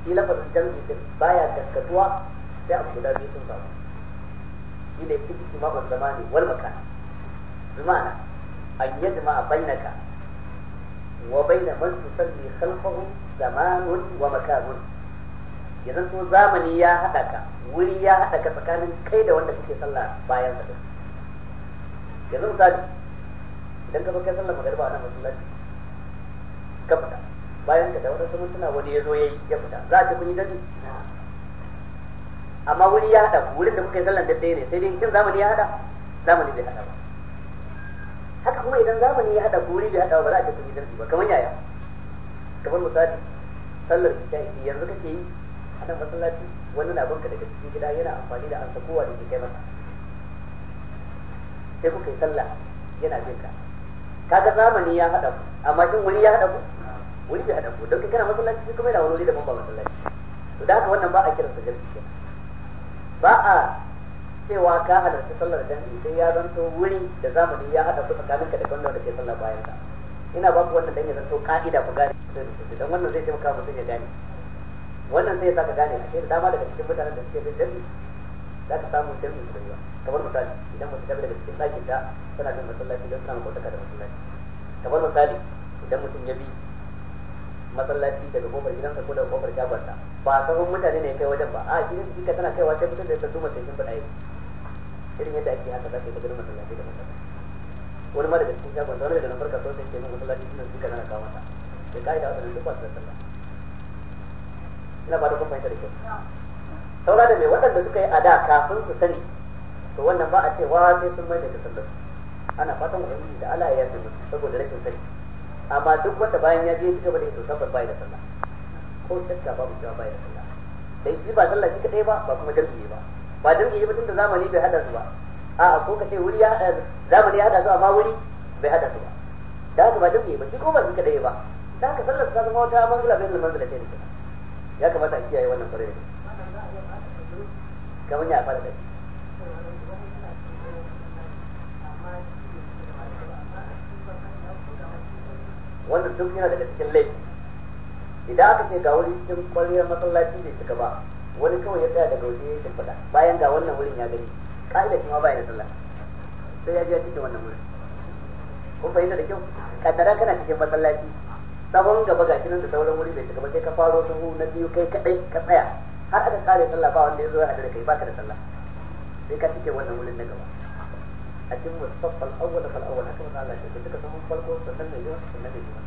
shi lafazin jami'i din baya gaskatuwa sai abu guda biyu sun samu shi ne zama ne wal makana بمعنى أن يجمع بينك وبين من تصلي خلفه زمان ومكان idan to zamani ya haɗa ka wuri ya haɗa ka tsakanin kai da wanda kake sallah bayan sa yanzu misali idan ka kai sallah magariba nan masallaci ka fita bayan ka da wani sabon tana wani ya zo ya ya fita za a ce kun yi dadi amma wuri ya haɗa ku wurin da kuka yi sallah daddai ne sai dai kin zamani ya haɗa zamani bai haɗa ba haka kuma idan zamani ya hada ko bai hada ba za a ce kun zarci ba kamar yaya kamar misali sallar isha'i yanzu kake yi a nan masallaci wani na banka daga cikin gida yana amfani da ansa kowa da ke kai masa sai kuka yi sallah yana bin ka kaga zamani ya hada ku amma shin wani ya hada ku wani bai hada ku don kai kana masallaci shi kuma yana wani wuri daban ba masallaci to da haka wannan ba a kiransa jam'i ba a cewa ka halarci sallar jami'i sai ya zanto wuri da zamani ya hada kamin tsakaninka da wanda ke sallar bayan ka ina ba ku wannan dan ya zanto ka'ida ku gane sosai su dan wannan zai taimaka mutum ya gane wannan sai ya saka gane a da dama daga cikin mutanen da suke bin jami'i za ka samu jami'i su da kamar misali idan mutum ta daga cikin ɗakin ta tana bin masallaci don tana kotaka da masallaci kamar misali idan mutum ya bi masallaci daga kofar gidansa ko daga kofar shagonsa ba sabon mutane ne ya kai wajen ba a gidan su kika tana kaiwa sai fitar da ya tattu sai sun faɗa yi irin yadda ake haka za ka yi ganin masallaci da masallaci wani ma daga cikin shagon wani daga nan farka sosai ke mun masallaci suna suka na kawo masa da ka'ida waɗannan duk ba da sallah ina ba da kun fahimta da kyau saura da mai waɗanda suka yi ada kafin su sani to wannan ba a ce wa sai sun mai da sallar ana fatan ubangiji da Allah ya yarda saboda rashin sani amma duk wanda bayan ya je ya cigaba da yi to tabbas da sallah ko shakka babu cewa bai da sallah dai shi ba sallah shi kadai ba ba kuma jami'i ba ba jam'i yi tunda zamani bai hada su ba a'a ko kace wuri ya eh, zamani ya hada su amma wuri bai hada su ba da haka ba jam'i ba shi ko ba su kadai ba da haka sallar ta zama wata mangala bai da ce ne ya kamata a kiyaye wannan kwarai kamar ya fara da shi wannan duk yana daga cikin laifi idan aka ce ga wuri cikin kwariyar masallaci bai cika ba wani kawai ya tsaya daga waje ya shimfiɗa bayan ga wannan wurin ya gani ka'ida shi ma baya da sallah sai ya je cikin wannan wurin kun fahimta da kyau kaddara kana cikin masallaci sabon gaba gashi nan da sauran wuri bai cika ba sai ka faro sahu na biyu kai kadai ka tsaya har aka kare sallah ba wanda ya zo ya hada da kai baka da sallah sai ka cike wannan wurin na gaba a cikin musaffal awwal fal awwal haka manzo Allah ya cika sahun farko sannan mai yawa sannan mai yawa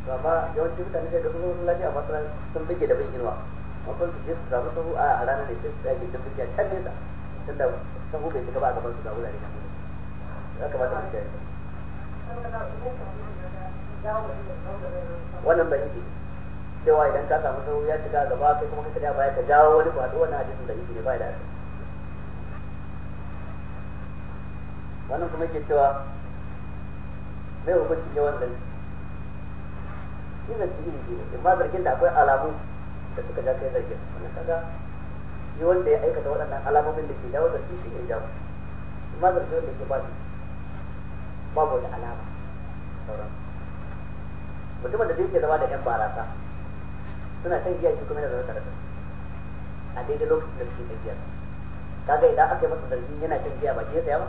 to amma yawanci mutane sai ga sun masallaci amma sun bige da bin inuwa makon su je su samu sahu a ranar da ta yi da fuska can nesa tunda sahu bai cika ba a gaban su ga wurare ya kamata mu kiyaye wannan bai yi cewa idan ka samu sahu ya cika gaba kai kuma ka kada baya ka jawo wani faɗo wannan hadisin da yake ne bai da asali wannan kuma ke cewa mai hukuncin ne wannan shi zance iri ne in zargin da akwai alamu da suka ja kai zargin wannan kaga shi wanda ya aikata waɗannan alamomin da ke jawo zargi shi ya jawo amma da wanda ke ba shi babu wani alama sauran mutumin da duk ke zama da yan barasa suna shan giya shi kuma yana zama tare da su a daidai lokacin da suke shan giya kaga idan aka yi masa zargin yana shan giya ba shi ya saya ba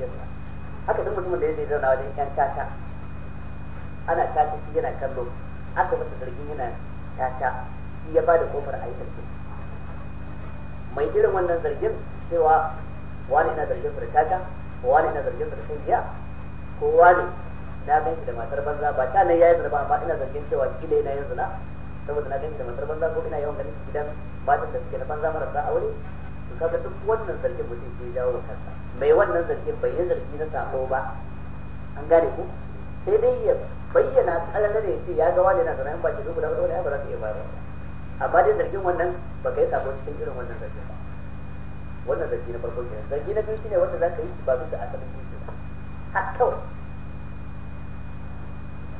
ya saya haka duk mutumin da ya zauna wajen yan caca ana caca shi yana kallo aka masa zargin yana tata shi ya ba da kofar a yi sarki mai irin wannan zargin cewa wani na zargin da tata wani na zargin da sanjiya ko wani na ganki da matar banza ba ta nan yayin zina ba ina zargin cewa kila yana yin zina saboda na ganki da matar banza ko ina yawan ganin gidan matan da suke na banza marasa aure to kaga duk wannan zargin mutum sai ya jawo kansa mai wannan zargin bai yi zargi na sako ba an gane ku sai dai ya bayyana kalar ne ce ya ga wani na sana'in ba shi rubuta wani ba za ta iya bayar ba amma dai zargin wannan ba ka yi sabo cikin irin wannan zargin ba wannan zargi na farko ke zargi na biyu shine wanda za ka yi shi ba bisa asalin tushe ba har kawai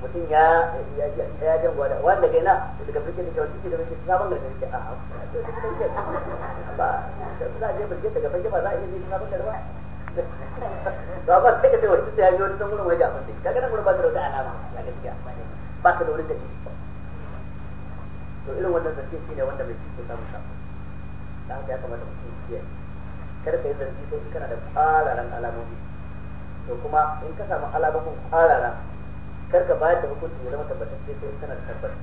mutum ya ya jan gwada wanda kai na daga birgin da kyautu ce da mace ta sabon garga ce a ba za a je birgin daga birgin ba za a iya zai sabon da ba to amma sai ka ce wani sai ya yi wani san gurin waje a sun kaga nan gurin ba ka da wata alama ya gaskiya ba ka da wani dalili to irin wannan zance shi ne wanda bai shi ke samun shafa da haka ya kamata mutum ya kiyaye kada ka yi zargi sai kana da ƙararan alamomi to kuma in ka samu alamomin ƙarara kar ka bayar da hukuncin ya zama tabbatacce sai kana da tabbata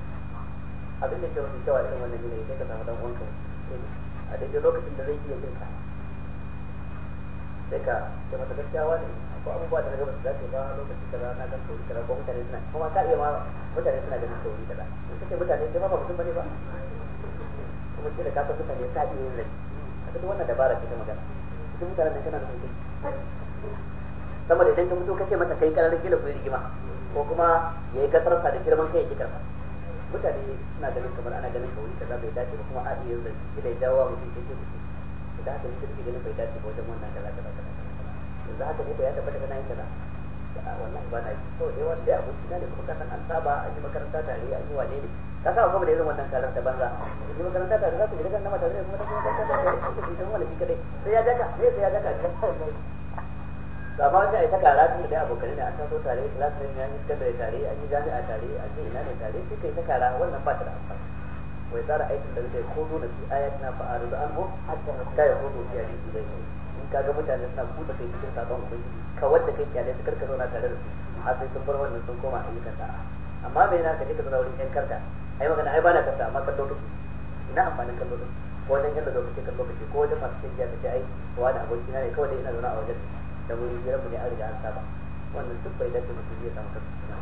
abin da ke wani cewa irin wannan yanayi sai ka samu dan uwanka a daidai lokacin da zai iya jin ka sai ka ce masa gaskiya ne abubuwa da dace ba lokaci kaza na gan kaza ko kuma ka iya ma mutane suna ganin kaza in mutane ba mutum bane ba kuma ke da kasar mutane sa iya yin a duk wannan dabara ce ta da idan ka kace masa kai yayi kasarsa da girman kai ya karba mutane suna ganin kamar ana ganin kauri kaza bai dace ba kuma a iya yin da ya mutum ce ce mutum da haka yake kike ganin bai dace ba wajen wannan kaza kaza kaza yanzu haka ne ya tabbata kana yin kaza ah, ba na to dai ne kuma an saba an yi makaranta tare an yi wane ne ka saba kuma da irin wannan karar da banza an yi makaranta tare za ku kan nama tare da kuma kuma da kuma sai ya daka sai sai ya daka to amma wani ai ta kara tun da abokan ne an taso tare class ne yi tare an yi jami'a tare an yi ina ne tare sai kai ta kara wannan ba ta da amfani bai tsara aikin da zai ko zo na fi ayatina fa arzu anhum hatta yahudu fi su zai in ka ga mutane suna kusa kai cikin sabon ubangiji ka wadda kai kyale su karka zauna tare da su har sai sun bar wannan sun koma ayyukan da'a amma me na ka je ka zauna wurin yan karta ai magana ai ba na karta amma kallo kake ina amfanin kallo kake ko wajen yan kace kallo kake ko wajen masu shan jiya kace ai wa da abokina ne kawai dai ina zauna a wajen da wuri biyar mu ne an riga an saba wannan duk bai dace musulmi zai samu kansa cikin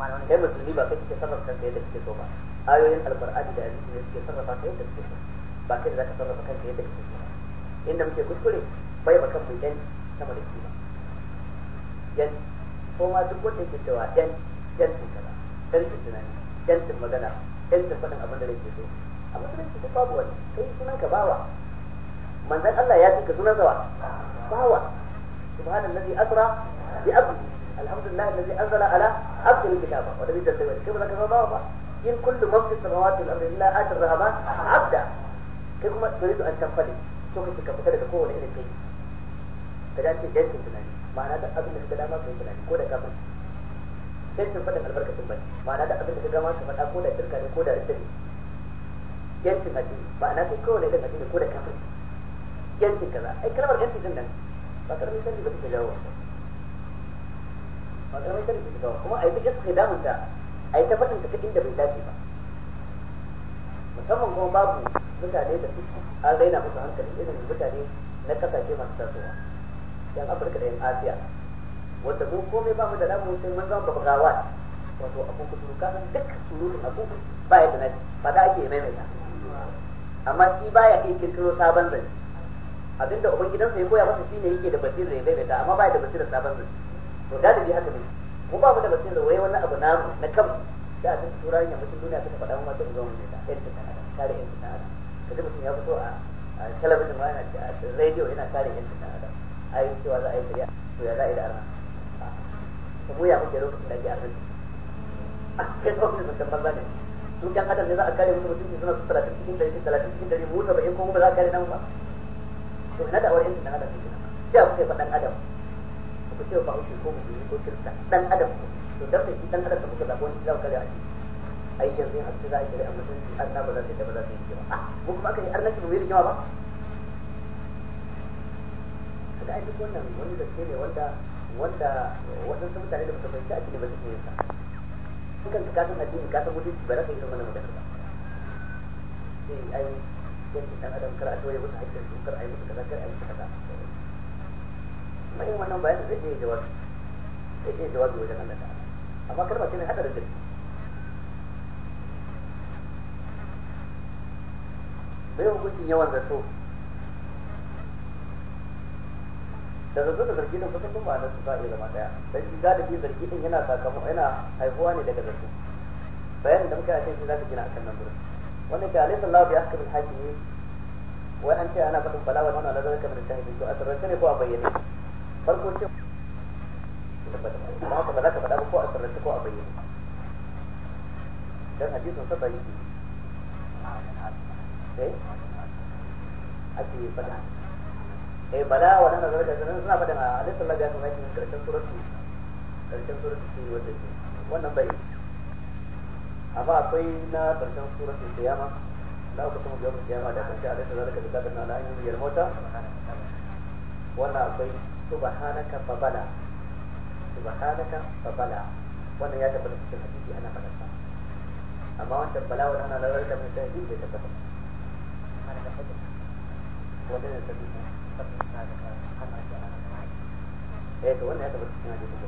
wannan sai musulmi ba kai kike sabar kanka yadda kike so ba ayoyin alqur'ani da hadisi ne suke sarrafa ka yadda suke so ba kai da zaka sarrafa kanka yadda kake so inda muke kuskure bai ba kanmu yanci sama da kima yanci ko ma duk wanda yake cewa yanci yancin kaza yancin tunani yancin magana yancin faɗin abin da yake so a musulunci duk babu wani kai sunan ka bawa manzon Allah ya fi ka sunan sawa bawa subhanallazi asra bi abdi alhamdulillah allazi anzala ala abdihi kitaba wa lam yudallil kai ba za ka zama bawa ba in kullu man fis samawati wal ardi illa atir rahman abda kai kuma turidu an tanfali so kace ka fita daga kowane irin kai ka dace yancin tunani ma'ana da abin da ka dama kai tunani ko da ka fashi yancin faɗin albarkacin bane ma'ana da abin da ka gama ka faɗa ko da shirka ne ko da ridda yancin addini ma'ana kai kowane irin addini ko da ka fashi yancin kaza ai kalmar yancin din nan ba karamin sharri ba take jawo ba karamin sharri take jawo kuma a yi ta iska damunta a yi ta faɗin ta cikin da bai dace ba musamman kuma babu mutane da su an raina musu hankali irin mutane na kasashe masu tasowa yan afirka da yan asiya wanda mu komai ba mu da namu sai mun zama babgawat wato abu kudu kasan duk surutun abu ba ya da nashi ba da ake maimaita amma shi ba ya iya kirkiro sabon zance abinda ubangidansa ya koya masa shine yake da basira ya maimaita amma ba ya da basira sabon zance to galibi haka ne ko ba mu da basira wai wani abu namu na kan da a cikin turarin yammacin duniya suka faɗa mu sai mu zo mu da yancin dan adam kare yancin dan adam kaji mutum ya fito a talabijin ma yana a rediyo yana kare yancin dan adam ai cewa za a yi shari'a to ya za a yi da arna mu ya kuke lokacin da ake arna a kai lokacin mutum banza ne su kan adam ne za a kare musu mutum suna su talatin cikin dari talatin cikin dari mu saba'in ko mu ba za a kare namu ba to ina da awar yancin dan adam cikin nan sai a kuka yi faɗan adam ku ce ba wuce ko musulmi ko kirista dan adam to dan da shi dan adam da muka zabo shi zaka kare aiki ai yanzu a cikin za a amma mutunci Allah ba za ta ba za ta yi ba a ah, mu kuma aka yi arnaci ba mu yi rigima ba Kada a duk wannan wani da ce ne wanda wanda waɗansu mutane da ba su fahimci addini ba ke yin sa kan ka san addini ka san mutunci ba za ka yi irin wannan magana ba sai ai yanzu dan adam kar a toye musu haƙƙin su kar a yi musu kaza kar a yi musu kaza mai wannan bayan zai je jawabi zai iya jawabi wajen Allah ta'ala amma kalma ce mai hadarin gaske bai hukuncin yawan zato da zato da zargi din kusan kuma nan su sa iya zama daya dan shi galibi zargi din yana sakamako yana haihuwa ne daga zato bayanin da muka yi a cikin zaka gina akan nan gurin wannan ta alaysa Allahu bi ahkamil hakimi wai an ce ana faɗin bala wa nana la zalika min shahidi to asirrace ne ko a bayyane farko ce ba ba za ka faɗa ba ko a sarrace ko a bayyana dan hadisin sa da yi eh ake faɗa eh bala wannan da zaka sanin suna faɗa a hadisin Allah ya kuma cikin karshen suratu karshen suratu ce wanda ke wannan bai amma akwai na karshen suratu kiyama la ku san yawmul kiyama da karshe hadisin zalika da kadan na an yi yarmota wannan akwai subhanaka fabala subhanaka fabala wannan ya tabbata cikin hadisi ana fadarsa amma wancan ana da mai bai tabbata mana da ne sabbin ana da eh to wannan ya tabbata cikin hadisi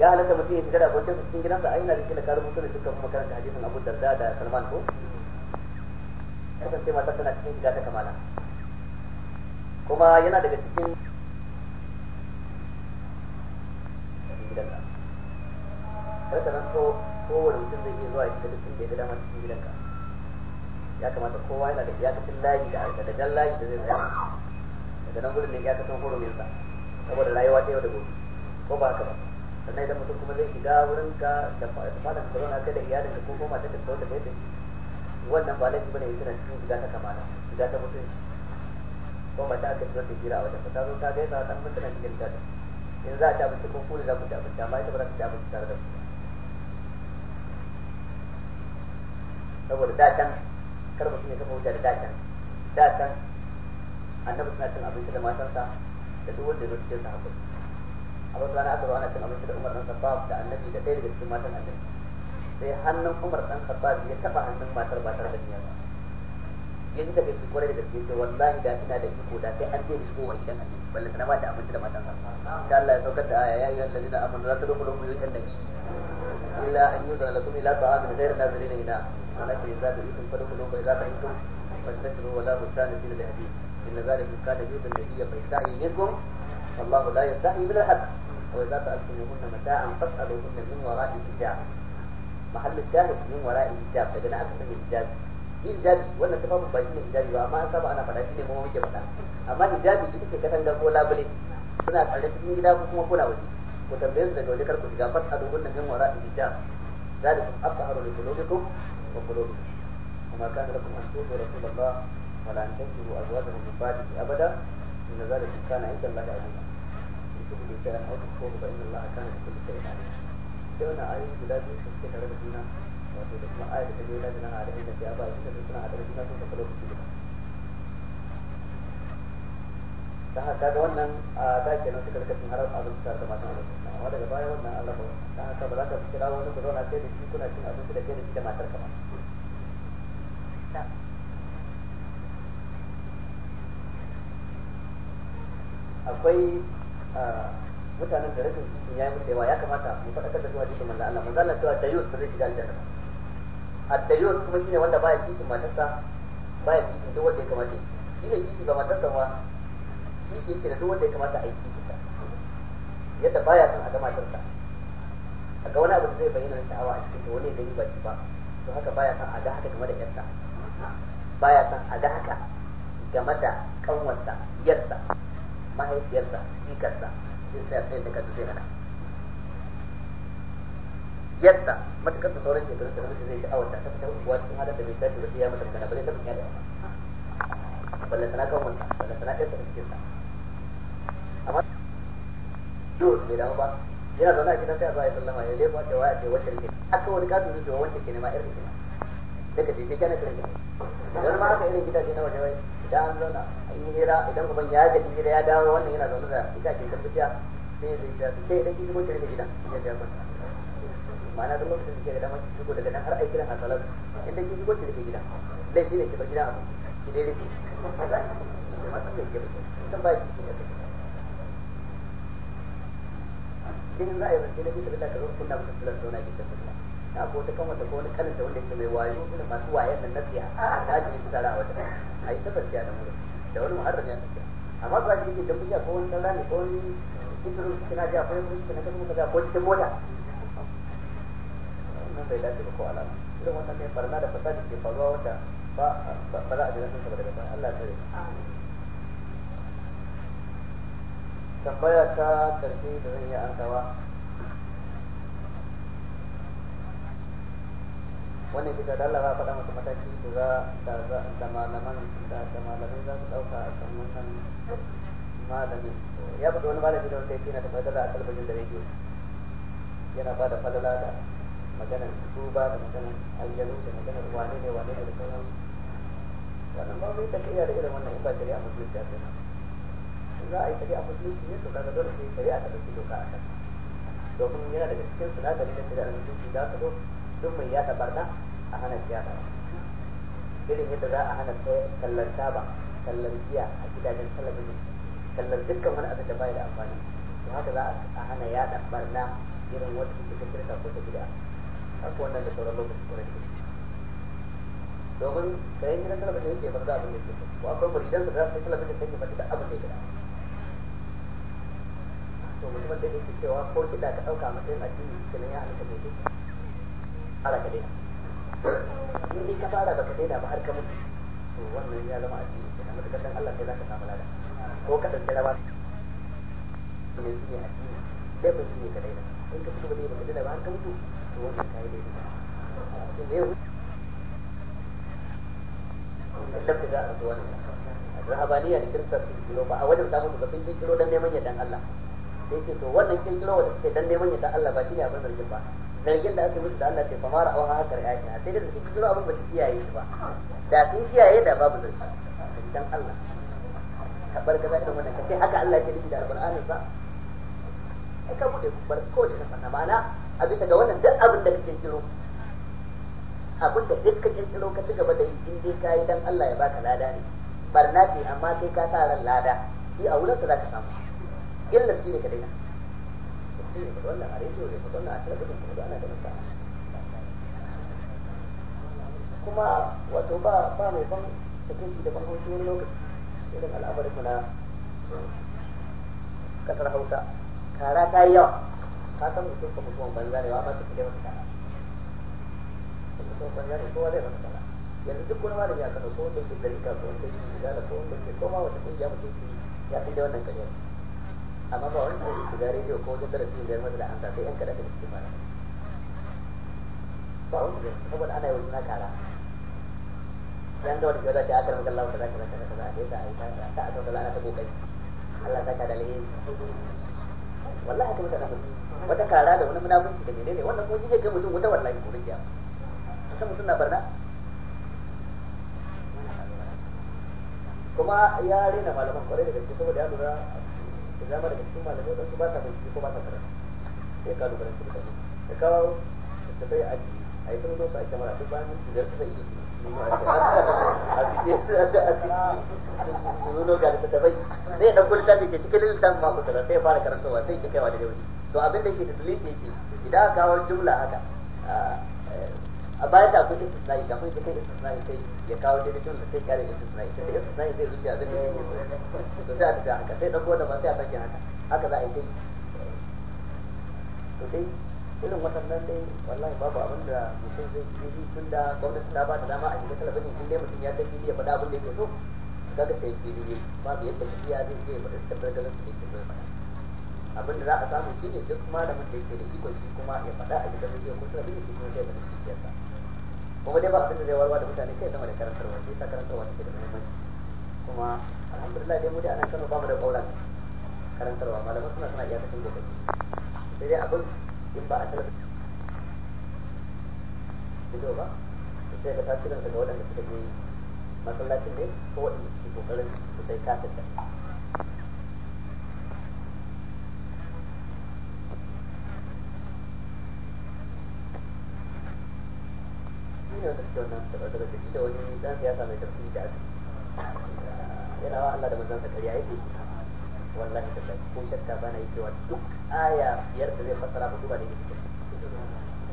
ya halatta mutum ya shiga da cikin gidansa a ina da kila ka da dukkan makaranta hadisin abu da salman ko kasance matar tana cikin shiga ta kamala kuma yana daga cikin gidanka karka nan to kowane mutum zai iya zuwa ya shiga duk inda ya ga dama cikin gidanka ya kamata kowa yana da iyakacin layi da daga jan layi da zai tsaya daga nan gudun ne iyakacin sa saboda rayuwa ta yau da gobe ko ba haka ba sannan idan mutum kuma zai shiga wurin ka da fadan da zauna kai da iyalin ka ko kuma matar ka da bai da shi wannan ba laifi bane yana cikin shiga ta kamala shiga ta mutunci ko mata aka zo ta jira a wajen ta zo ta gaisa dan mutuna shi da ta in za a ci abinci ko ku za ku ci abinci amma ita ba za ta ci abinci tare da ku saboda da can kar mutum ya kafa wuta da da can da can annabi suna cin abinci da matansa da duk wanda ya zo cikin sahabbai a wasu rana aka zo ana cin abinci da Umar dan sabab da annabi da ɗaya daga cikin matan annabi sai hannun Umar dan Khattab ya taba hannun matar ba tare da niyya ba ya ji take kwarai da gaske ce wallahi da ina da iko da sai an daina shigowa gidan annabi balle tana ma da amince da matan sa insha Allah ya saukar da aya ya ayyuhal ladina amanu la tadkhulu buyutan nabi illa an yuzana lakum ila ta'amin ghayra nazirina ina walakin idza da'ikum fadkhulu fa idza yi fastashiru wa la mustanifina li hadith inna zalika kana yudan nabiyya fa yasta'i minkum wallahu la yasta'i min al-haq wa idza ta'altumuhunna mata'an fas'aluhunna min wara'i hijab mahallin shahid min wara'i hijab daga nan aka sanya hijabi hijabi wannan tufafin ba shi ne hijabi ba amma an saba ana faɗa shi ne kuma muke faɗa amma hijabi ita ce katanga ko labule suna tsalle cikin gida ko kuma kuna waje ku tambaye su daga waje kar ku shiga fas a dogon nan ganwa ra'in hijab zalikum atahharu li qulubikum wa qulubikum kuma kana lakum an tuzu rasulullah wa la tankihu azwajahu min ba'dihi abada inna zalika kana inda Allah azima in tubu shay'an aw tukhfu fa inna Allah kana bi kulli shay'in alim da wannan ayoyi guda biyu suke tare da juna wato da kuma da da nan a da ya ba da suna a da juna sun tafi lokaci guda da haka da wannan a da suka rika harar abin su da amma daga baya wannan Allah ba haka ba za ka kira wani ku zauna kai da shi kuna cin abinci da kai da shi da matar ka ba akwai mutanen da rashin kishin ya yi musu yawa ya kamata mu faɗakar da zuwa kishin manzo Allah manzo Allah cewa yus ba zai shiga aljanna ba yus kuma shine wanda baya kishin matarsa baya kishin duk wanda ya kamata shi ne kishi ba matarsa ba shi shi yake da duk wanda ya kamata a yi kishin ta yadda baya son a ga matarsa a ga wani abu da zai bayyana na sha'awa a cikin ta wani gani ba shi ba to haka baya son a ga haka game da yarsa baya son a ga haka game da kanwarsa yarsa mahaifiyarsa jikarsa sai tsayin da kansu sai yassa da sauran shekarun da namiji zai ta fita cikin da bai dace ba sai ya mata magana ba zai taɓa kyale ba amma bai ba yana zaune a gida sai a zuwa ya sallama ya cewa ya ce wacce aka wani katon zuciya wacce ke irin ce kiran ma haka irin gidaje na waje da an zauna an yi hira idan uban ya ya dawo wannan yana zaune da ita ke tabbaciya sai zai ta idan gidan ya ma'ana duk damar daga har kiran idan gidan laifi ne ke bar gidan abu ki dai masu da ke ba ya za a yi zance na bisa billah ka kunna musu sauna ta ko ta kanwata ko wani kanin da wanda yake mai wayo irin masu wayan nan nasiya ta ajiye su tare a wata a yi ta a da da wani muharram ya tafiya amma ba shi yake dan ko wani dan rami ko wani sitirun su kina jiya ko wani su kana kasu kaza ko cikin mota wannan bai dace ba ko alama irin wannan ne barna da fasadi ke faruwa wanda ba ba za a ji sun sa daga baya Allah ya tambaya ta karshe da zan iya ansawa wannan ita da Allah ba faɗa masa mataki da za da malaman da malamin za su ɗauka a kan wannan malamin ya bada wani malami da wanda yake yana da fadala a talabijin da rediyo yana ba da fadala da maganar tuba da maganar aljanu da maganar wane ne wane ne da sauran Wannan ba mai tafiya da irin wannan in ba shari'a musulunci a kenan za a yi shari'a musulunci ne to kaga dole sai shari'a ta dauki doka a kan domin yana daga cikin sinadari na shari'a musulunci za ka zo duk mai yada barna a hana siya ba irin yadda za a hana tallar taba tallar giya a gidajen talabijin tallar dukkan wani abin da bai da amfani to haka za a hana yada barna irin wata ta shirka ko ta gida haka wannan da sauran lokaci ko da domin kayan gidan talabijin yake farza abin da ke so ko akwai muridan su za su talabijin take ba duka abin da ya gida to mutumin da yake cewa ko kiɗa ka ɗauka matsayin addini shi kenan ya halitta mai duka fara ka daina in ka fara baka daina ba har ka mutu to wannan ya zama addini kenan Allah sai zaka samu lada ko ka ne ne addini shi ne ka daina in ka da yi baka daina ba har ka mutu to wannan kai sai ne a rahabaniya da kirista kiro ba a wajen ta musu ba sun dan neman yadda Allah sai ce to wannan wanda suke dan neman Allah ba shine abin ba zargin da aka musu da Allah ce fa mara auha haka ra'ayi sai da su kiro abin ba su kiyaye su ba da sun kiyaye da babu zargi dan Allah tabar zai da wannan kace haka Allah ke nufi da alqur'anin sa ai ka bude bar kowace ta fanna ma'ana a bisa ga wannan duk abin da kake kiro abin da duk kake kiro ka ci gaba da yi in dai kai dan Allah ya baka lada ne barna ce amma kai ka sa ran lada shi a wurin sa zaka samu illa shi ne ka daina zai wannan a rediyo zai faɗi wannan a talabijin kuma ana ganin sa kuma wato ba ba mai ban takeici da ban haushi wani lokaci irin al'amarin mu na kasar Hausa kara ta yi yawa ka san mutum ka mutum banza ne amma su masa kara mutum banza ne kowa zai masa kara yanzu duk wani malami a kasa ko wanda ke ka ko wanda ke ko wanda ke koma wata kungiya mutum ya san da wannan amma ba wanda zai shiga rediyo ko wajen darasi da yamma da an sa sai yan kaɗan da cikin mana ba wanda zai saboda ana yi suna kara dan da wani shiga za ta akar maka da yasa ta ta ta kokari Allah da alheri wallahi haka mutane wata kara da wani munafunci da menene wannan shi kai mutum wata wallahi ko rikiya mutum na barna kuma ya rena malaman kwarai da gaske saboda ya lura da dama daga cikin malamai wasu ba sa bincike ko ba sa karatu sai kalubalanci mutane da kawo da bai aji a yi ta mutu a kyamara duk bayan mutu da su sai su nuna a su nuna ga littattafai sai ya ɗauko littafi ke cikin littafin ma kusa sai ya fara karantarwa sai ya kaiwa da dauri to abin da ke da dalili yake idan aka kawo jumla haka eh, a baya da akwai istisna'i da akwai kai istisna'i sai ya kawo daidaitun da sai kyale istisna'i sai istisna'i zai rushe abin da yake so to sai a tafi haka sai dauko da ba sai a sake haka haka za a yi dai to dai irin waɗannan dai wallahi babu abin da mutum zai yi yi tun da gwamnati ta ba ta dama a shiga talabijin in dai mutum ya san fili ya faɗa abin da yake so kaga sai fili ne ba babu yadda kiya zai iya ya faɗa tabbar da zai yi faɗa abin da za a samu shi ne duk malamin da yake da iko shi kuma ya faɗa a gidan rediyo ko talabijin shi kuma sai faɗi siyasa kuma dai ba abin da zai warwa da mutane kai sama da karantarwa shi yasa karantarwa take da muhimmanci kuma alhamdulillah dai mu da anan Kano ba mu da kauran karantarwa malaman suna suna iyakacin da kai sai dai abin in ba a talabijin ido ba sai ga tasirinsa ga waɗanda suka je masallacin ne ko waɗanda suke kokarin su sai kasar da ne wanda suke wannan tabar da shi da wani dan siyasa mai tafsiri da aka yana wa Allah da manzansa ƙarya yake wallahi da kai ko shakka bana yi cewa duk aya biyar da zai fassara hudu ba ne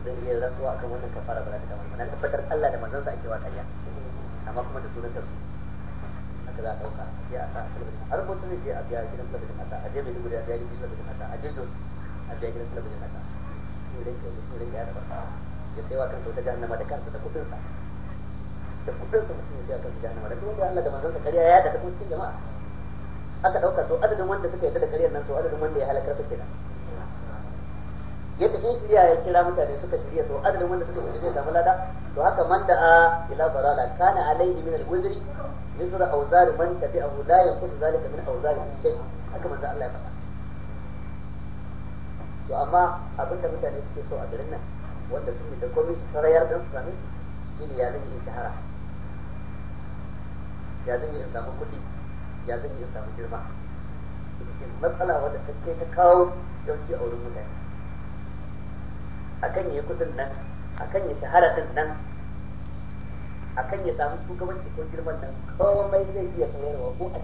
zai iya rasuwa kan wannan kafara ba ta kama na tabbatar Allah da manzansa ake wa ƙarya amma kuma da sunan tafsiri haka za a ɗauka ya a sa a kalmar har ko tun je a biya gidan talabijin a a je mai dubu da biya gidan talabijin a sa a je jos a biya gidan talabijin a sa ne da ke ba ya sai wa kansa wata jahannama da kansa da kudin sa da kudin sa mutum ya sai wa kansa jahannama da duk wanda Allah da manzon sa kariya ya da ta kuma cikin jama'a aka dauka so adadin wanda suka yarda da kariyar nan so adadin wanda ya halakar su kenan yadda in shirya ya kira mutane suka shirya so adadin wanda suka shirya zai samu lada to haka man da a ila balala kana alaihi min al-wizri misra awzar man tabi'ahu la yanqusu zalika min awzari shay haka manzo Allah ya faɗa to amma abinda mutane suke so a garin nan wanda suke da komai su sarayar dan su same su ne ya zan yi in shahara ya zan yi in samu kuɗi ya zan yi in samu girma cikin matsala wadda ta kai ta kawo yauci a wurin mutane akan yi kudin nan akan yi shahara din nan akan yi samu shugabanci ko girman nan komai zai iya sayarwa ko a